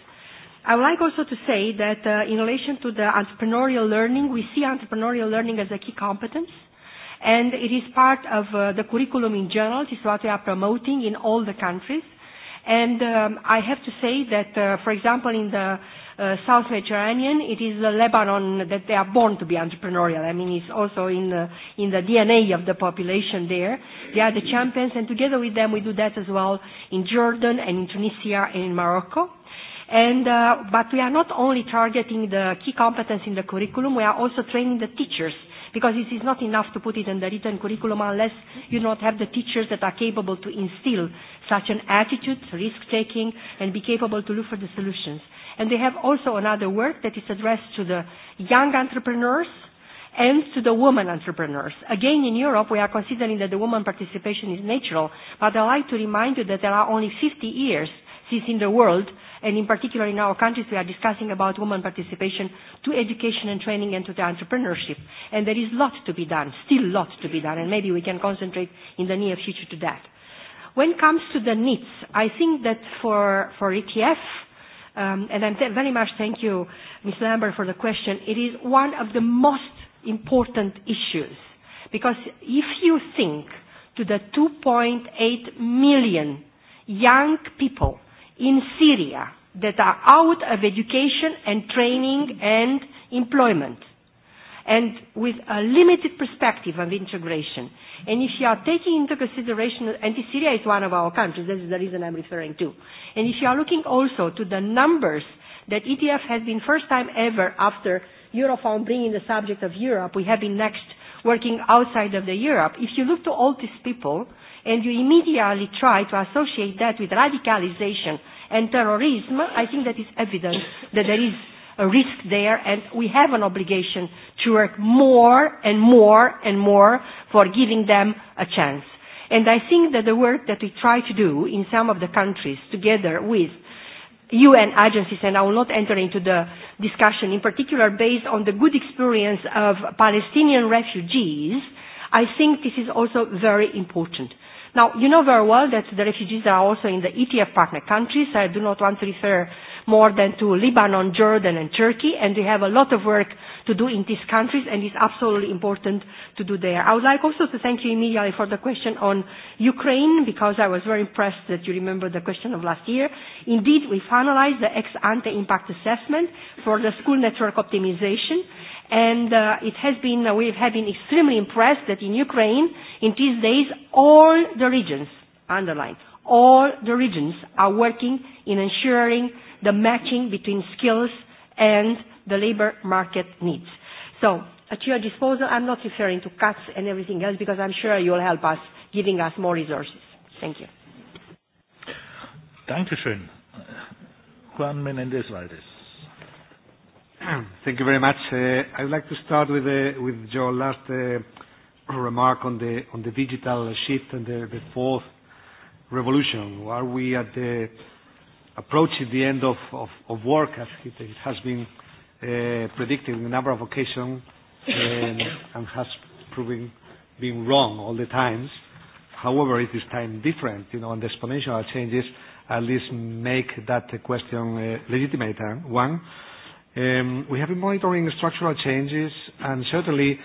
I would like also to say that, uh, in relation to the entrepreneurial learning, we see entrepreneurial learning as a key competence, and it is part of uh, the curriculum in general. It is what we are promoting in all the countries. Um, I have to say that, uh, for example, in the uh, South Mediterranean. It is the Lebanon that they are born to be entrepreneurial. I mean, it's also in the, in the DNA of the population there. They are the champions, and together with them, we do that as well in Jordan and in Tunisia and in Morocco. And, uh, but we are not only targeting the key competence in the curriculum, we are also training the teachers because it is not enough to put it in the written curriculum unless you not have the teachers that are capable to instill such an attitude, risk taking, and be capable to look for the solutions. And they have also another work that is addressed to the young entrepreneurs and to the women entrepreneurs. Again, in Europe, we are considering that the woman participation is natural, but I'd like to remind you that there are only 50 years since in the world and in particular in our countries we are discussing about women participation to education and training and to the entrepreneurship and there is lots to be done still lots to be done and maybe we can concentrate in the near future to that when it comes to the needs i think that for for etf um, and i'm th- very much thank you ms lambert for the question it is one of the most important issues because if you think to the 2.8 million young people in Syria that are out of education and training and employment and with a limited perspective of integration. And if you are taking into consideration, and Syria is one of our countries, this is the reason I'm referring to, and if you are looking also to the numbers that ETF has been first time ever after Eurofound bringing the subject of Europe, we have been next working outside of the Europe. If you look to all these people, and you immediately try to associate that with radicalization and terrorism, I think that is evidence that there is a risk there and we have an obligation to work more and more and more for giving them a chance. And I think that the work that we try to do in some of the countries together with UN agencies, and I will not enter into the discussion in particular based on the good experience of Palestinian refugees, I think this is also very important. Now, you know very well that the refugees are also in the ETF partner countries. I do not want to refer more than to Lebanon, Jordan, and Turkey, and we have a lot of work to do in these countries, and it's absolutely important to do there. I would like also to thank you immediately for the question on Ukraine, because I was very impressed that you remember the question of last year. Indeed, we finalized the ex-ante impact assessment for the school network optimization, and uh, it has been uh, we have been extremely impressed that in Ukraine in these days all the regions underline all the regions are working in ensuring the matching between skills and the labor market needs so at your disposal i'm not referring to cuts and everything else because i'm sure you'll help us giving us more resources thank you
danke schön juan menendez valdez Thank you very much. Uh, I would like to start with uh, your last uh, remark on the digital shift and the fourth revolution. Are we approaching the end of work as it has been predicted in a number of occasions and has proven being wrong all the times. However, it is time different, and the exponential changes at least make that question legitimate one. Um, have been monitoring structural changes, and certainly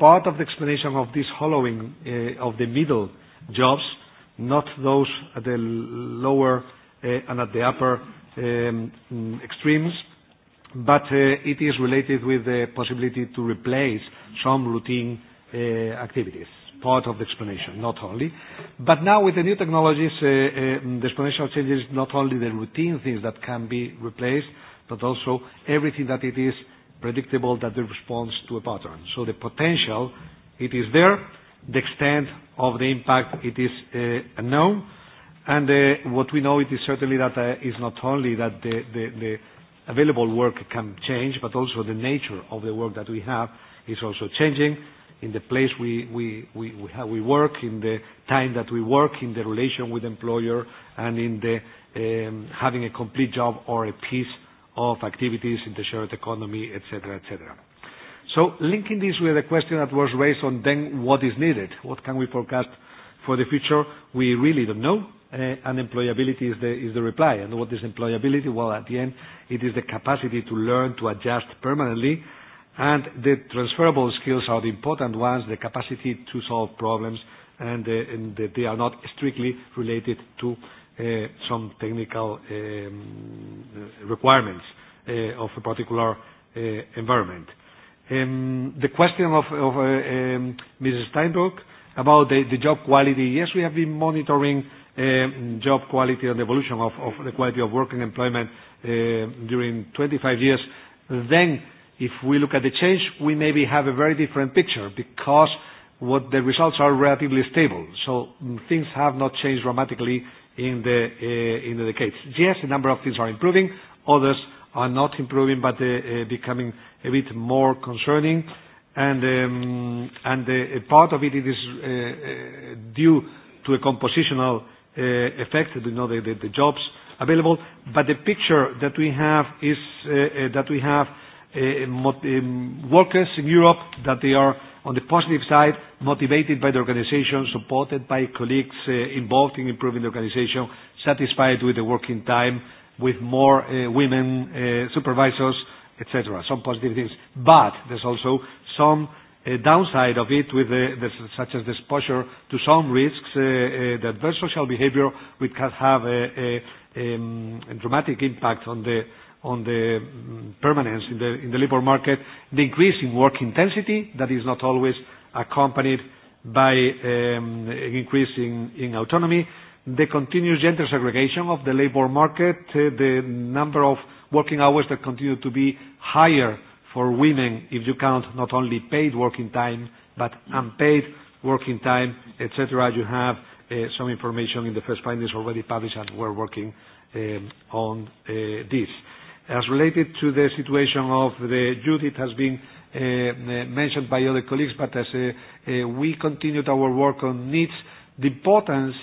part of the explanation of this hollowing uh, of the middle jobs, not those at the lower uh, and at the upper um, extremes, but uh, it is related with the possibility to replace some routine activities. Part of the explanation, not only. Now with the new technologies, the exponential change is not only the routine things that can be replaced, but also everything that it is predictable that it responds to a pattern. So the potential, it is there. The extent of the impact, it is uh, unknown. And uh, what we know, it is certainly that uh, it's not only that the available work can change, but also the nature of the work that we have is also changing in the place we work, in the time that we work, in the relation with the employer, and in um, having a complete job or a piece of of activities in the shared economy, et cetera, et cetera. Linking this with a question that was raised on then what is needed, what can we forecast for the future? We really don't know. Uh, employability is the reply. What is employability? Well, at the end, it is the capacity to learn, to adjust permanently. The transferable skills are the important ones, the capacity to solve problems, and uh, they are not strictly related to Uh, some technical um, requirements uh, of a particular uh, environment. Um, the question of Mrs. Um, Steinbruch about the job quality. Yes, we have been monitoring job quality and evolution of the quality of working employment during 25 years. If we look at the change, we maybe have a very different picture because what the results are relatively stable. Mm, things have not changed dramatically in the uh, case. Yes, a number of things are improving. Others are not improving, but uh, uh, becoming a bit more concerning. Um, a part of it is due to a compositional effect, the jobs available. The picture that we have is that we have um, workers in Europe, that they are On the positive side, motivated by the organization, supported by colleagues uh, involved in improving the organization, satisfied with the working time, with more uh, women uh, supervisors, etc. Some positive things. But there's also some uh, downside of it, with the, the, such as the exposure to some risks, uh, uh, the adverse social behavior, which can have a, a, a, um, a dramatic impact on the on the mm, permanence in the labor market, the increase in work intensity that is not always accompanied by um, an increase in autonomy, the continuous gender segregation of the labor market, uh, the number of working hours that continue to be higher for women if you count not only paid working time, but unpaid working time, et cetera. You have uh, some information in the first findings already published, and we're working um, on uh, this. As related to the situation of the Judith has been uh, uh, mentioned by other colleagues, but as uh, we continued our work on needs, the importance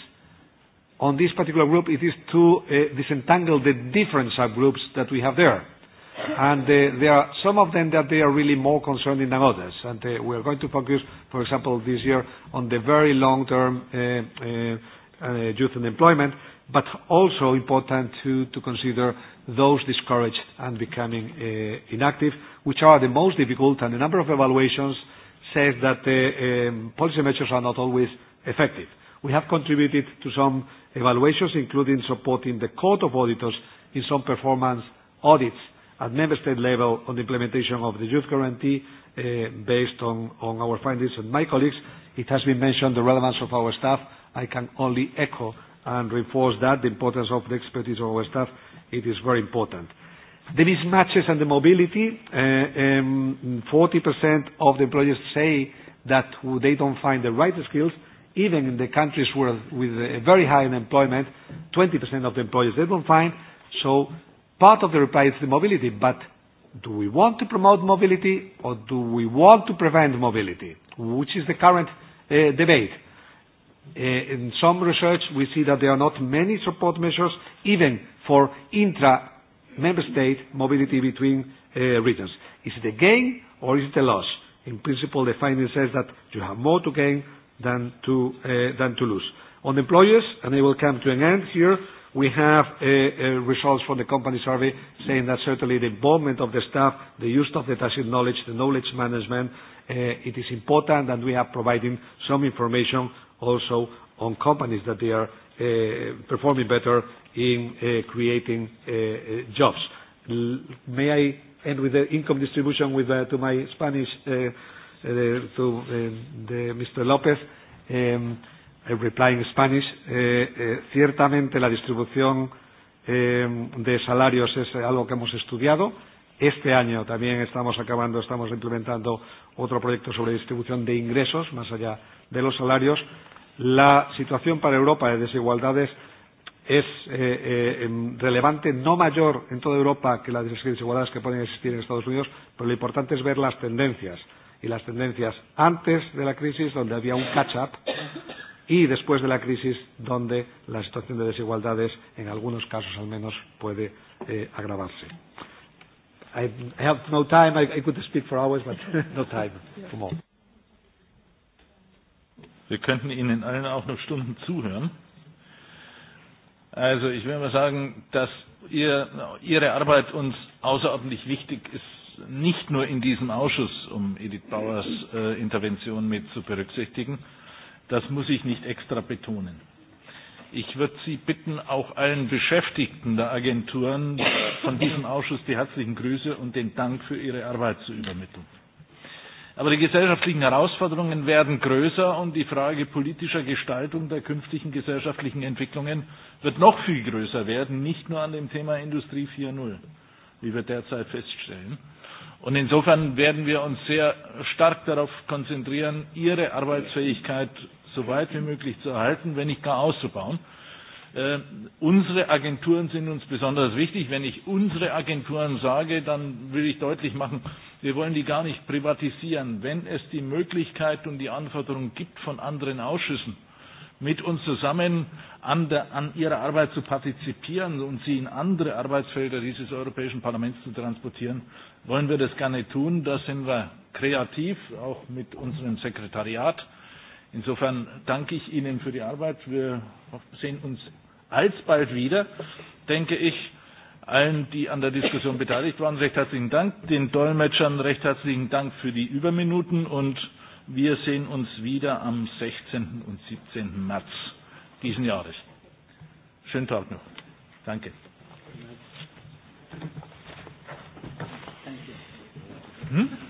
on this particular group, it is to disentangle the different subgroups that we have there. There are some of them that they are really more concerning than others. We are going to focus, for example, this year on the very long-term youth unemployment, but also important to consider those discouraged and becoming uh, inactive, which are the most difficult, and a number of evaluations says that the uh, um, policy measures are not always effective. We have contributed to some evaluations, including supporting the Court of Auditors in some performance audits at member state level on the implementation of the youth guarantee uh, based on, on our findings and my colleagues. It has been mentioned the relevance of our staff. I can only echo and reinforce that, the importance of the expertise of our staff it is very important. The mismatches and the mobility, uh, um, 40% of the employers say that they don't find the right skills, even in the countries where, with a very high unemployment, 20% of the employers they don't find. So part of the reply is the mobility, but do we want to promote mobility or do we want to prevent mobility, which is the current uh, debate? uh, in some research, we see that there are not many support measures, even for intra-member state mobility between uh, regions. Is it a gain or is it a loss? In principle, the finding says that you have more to gain than to, uh, than to lose. On employers, and I will come to an end here, we have uh, uh, results from the company survey saying that certainly the involvement of the staff, the use of the tacit knowledge, the knowledge management, uh, it is important that we are providing some information also on companies that they are uh, performing better in uh, creating uh, jobs. May I end with the income distribution to my Spanish, to Mr. López, um, reply in Spanish. Ciertamente, la distribución um, de salarios es algo que hemos estudiado. Este año también estamos acabando, estamos implementando otro proyecto sobre distribución de ingresos, más allá de los salarios, la situación para Europa de desigualdades es eh, eh, relevante, no mayor en toda Europa que las desigualdades que pueden existir en Estados Unidos, pero lo importante es ver las tendencias. Y las tendencias antes de la crisis, donde había un catch-up, y después de la crisis, donde la situación de desigualdades, en algunos casos al menos, puede eh, agravarse. I have no time, I, I could speak for hours, but no time. Come on.
Wir könnten Ihnen allen auch noch Stunden zuhören. Also ich will mal sagen, dass ihr, Ihre Arbeit uns außerordentlich wichtig ist, nicht nur in diesem Ausschuss, um Edith Bauers äh, Intervention mit zu berücksichtigen. Das muss ich nicht extra betonen. Ich würde Sie bitten, auch allen Beschäftigten der Agenturen von diesem Ausschuss die herzlichen Grüße und den Dank für Ihre Arbeit zu übermitteln. Aber die gesellschaftlichen Herausforderungen werden größer und die Frage politischer Gestaltung der künftigen gesellschaftlichen Entwicklungen wird noch viel größer werden, nicht nur an dem Thema Industrie 4.0, wie wir derzeit feststellen. Und insofern werden wir uns sehr stark darauf konzentrieren, Ihre Arbeitsfähigkeit so weit wie möglich zu erhalten, wenn nicht gar auszubauen. Äh, unsere Agenturen sind uns besonders wichtig. Wenn ich unsere Agenturen sage, dann will ich deutlich machen, wir wollen die gar nicht privatisieren. Wenn es die Möglichkeit und die Anforderung gibt, von anderen Ausschüssen mit uns zusammen an, der, an ihrer Arbeit zu partizipieren und sie in andere Arbeitsfelder dieses Europäischen Parlaments zu transportieren, wollen wir das gerne tun. Da sind wir kreativ, auch mit unserem Sekretariat. Insofern danke ich Ihnen für die Arbeit. Wir sehen uns alsbald wieder, denke ich. Allen, die an der Diskussion beteiligt waren, recht herzlichen Dank. Den Dolmetschern recht herzlichen Dank für die Überminuten. Und wir sehen uns wieder am 16. und 17. März diesen Jahres. Schönen Tag noch. Danke. Hm?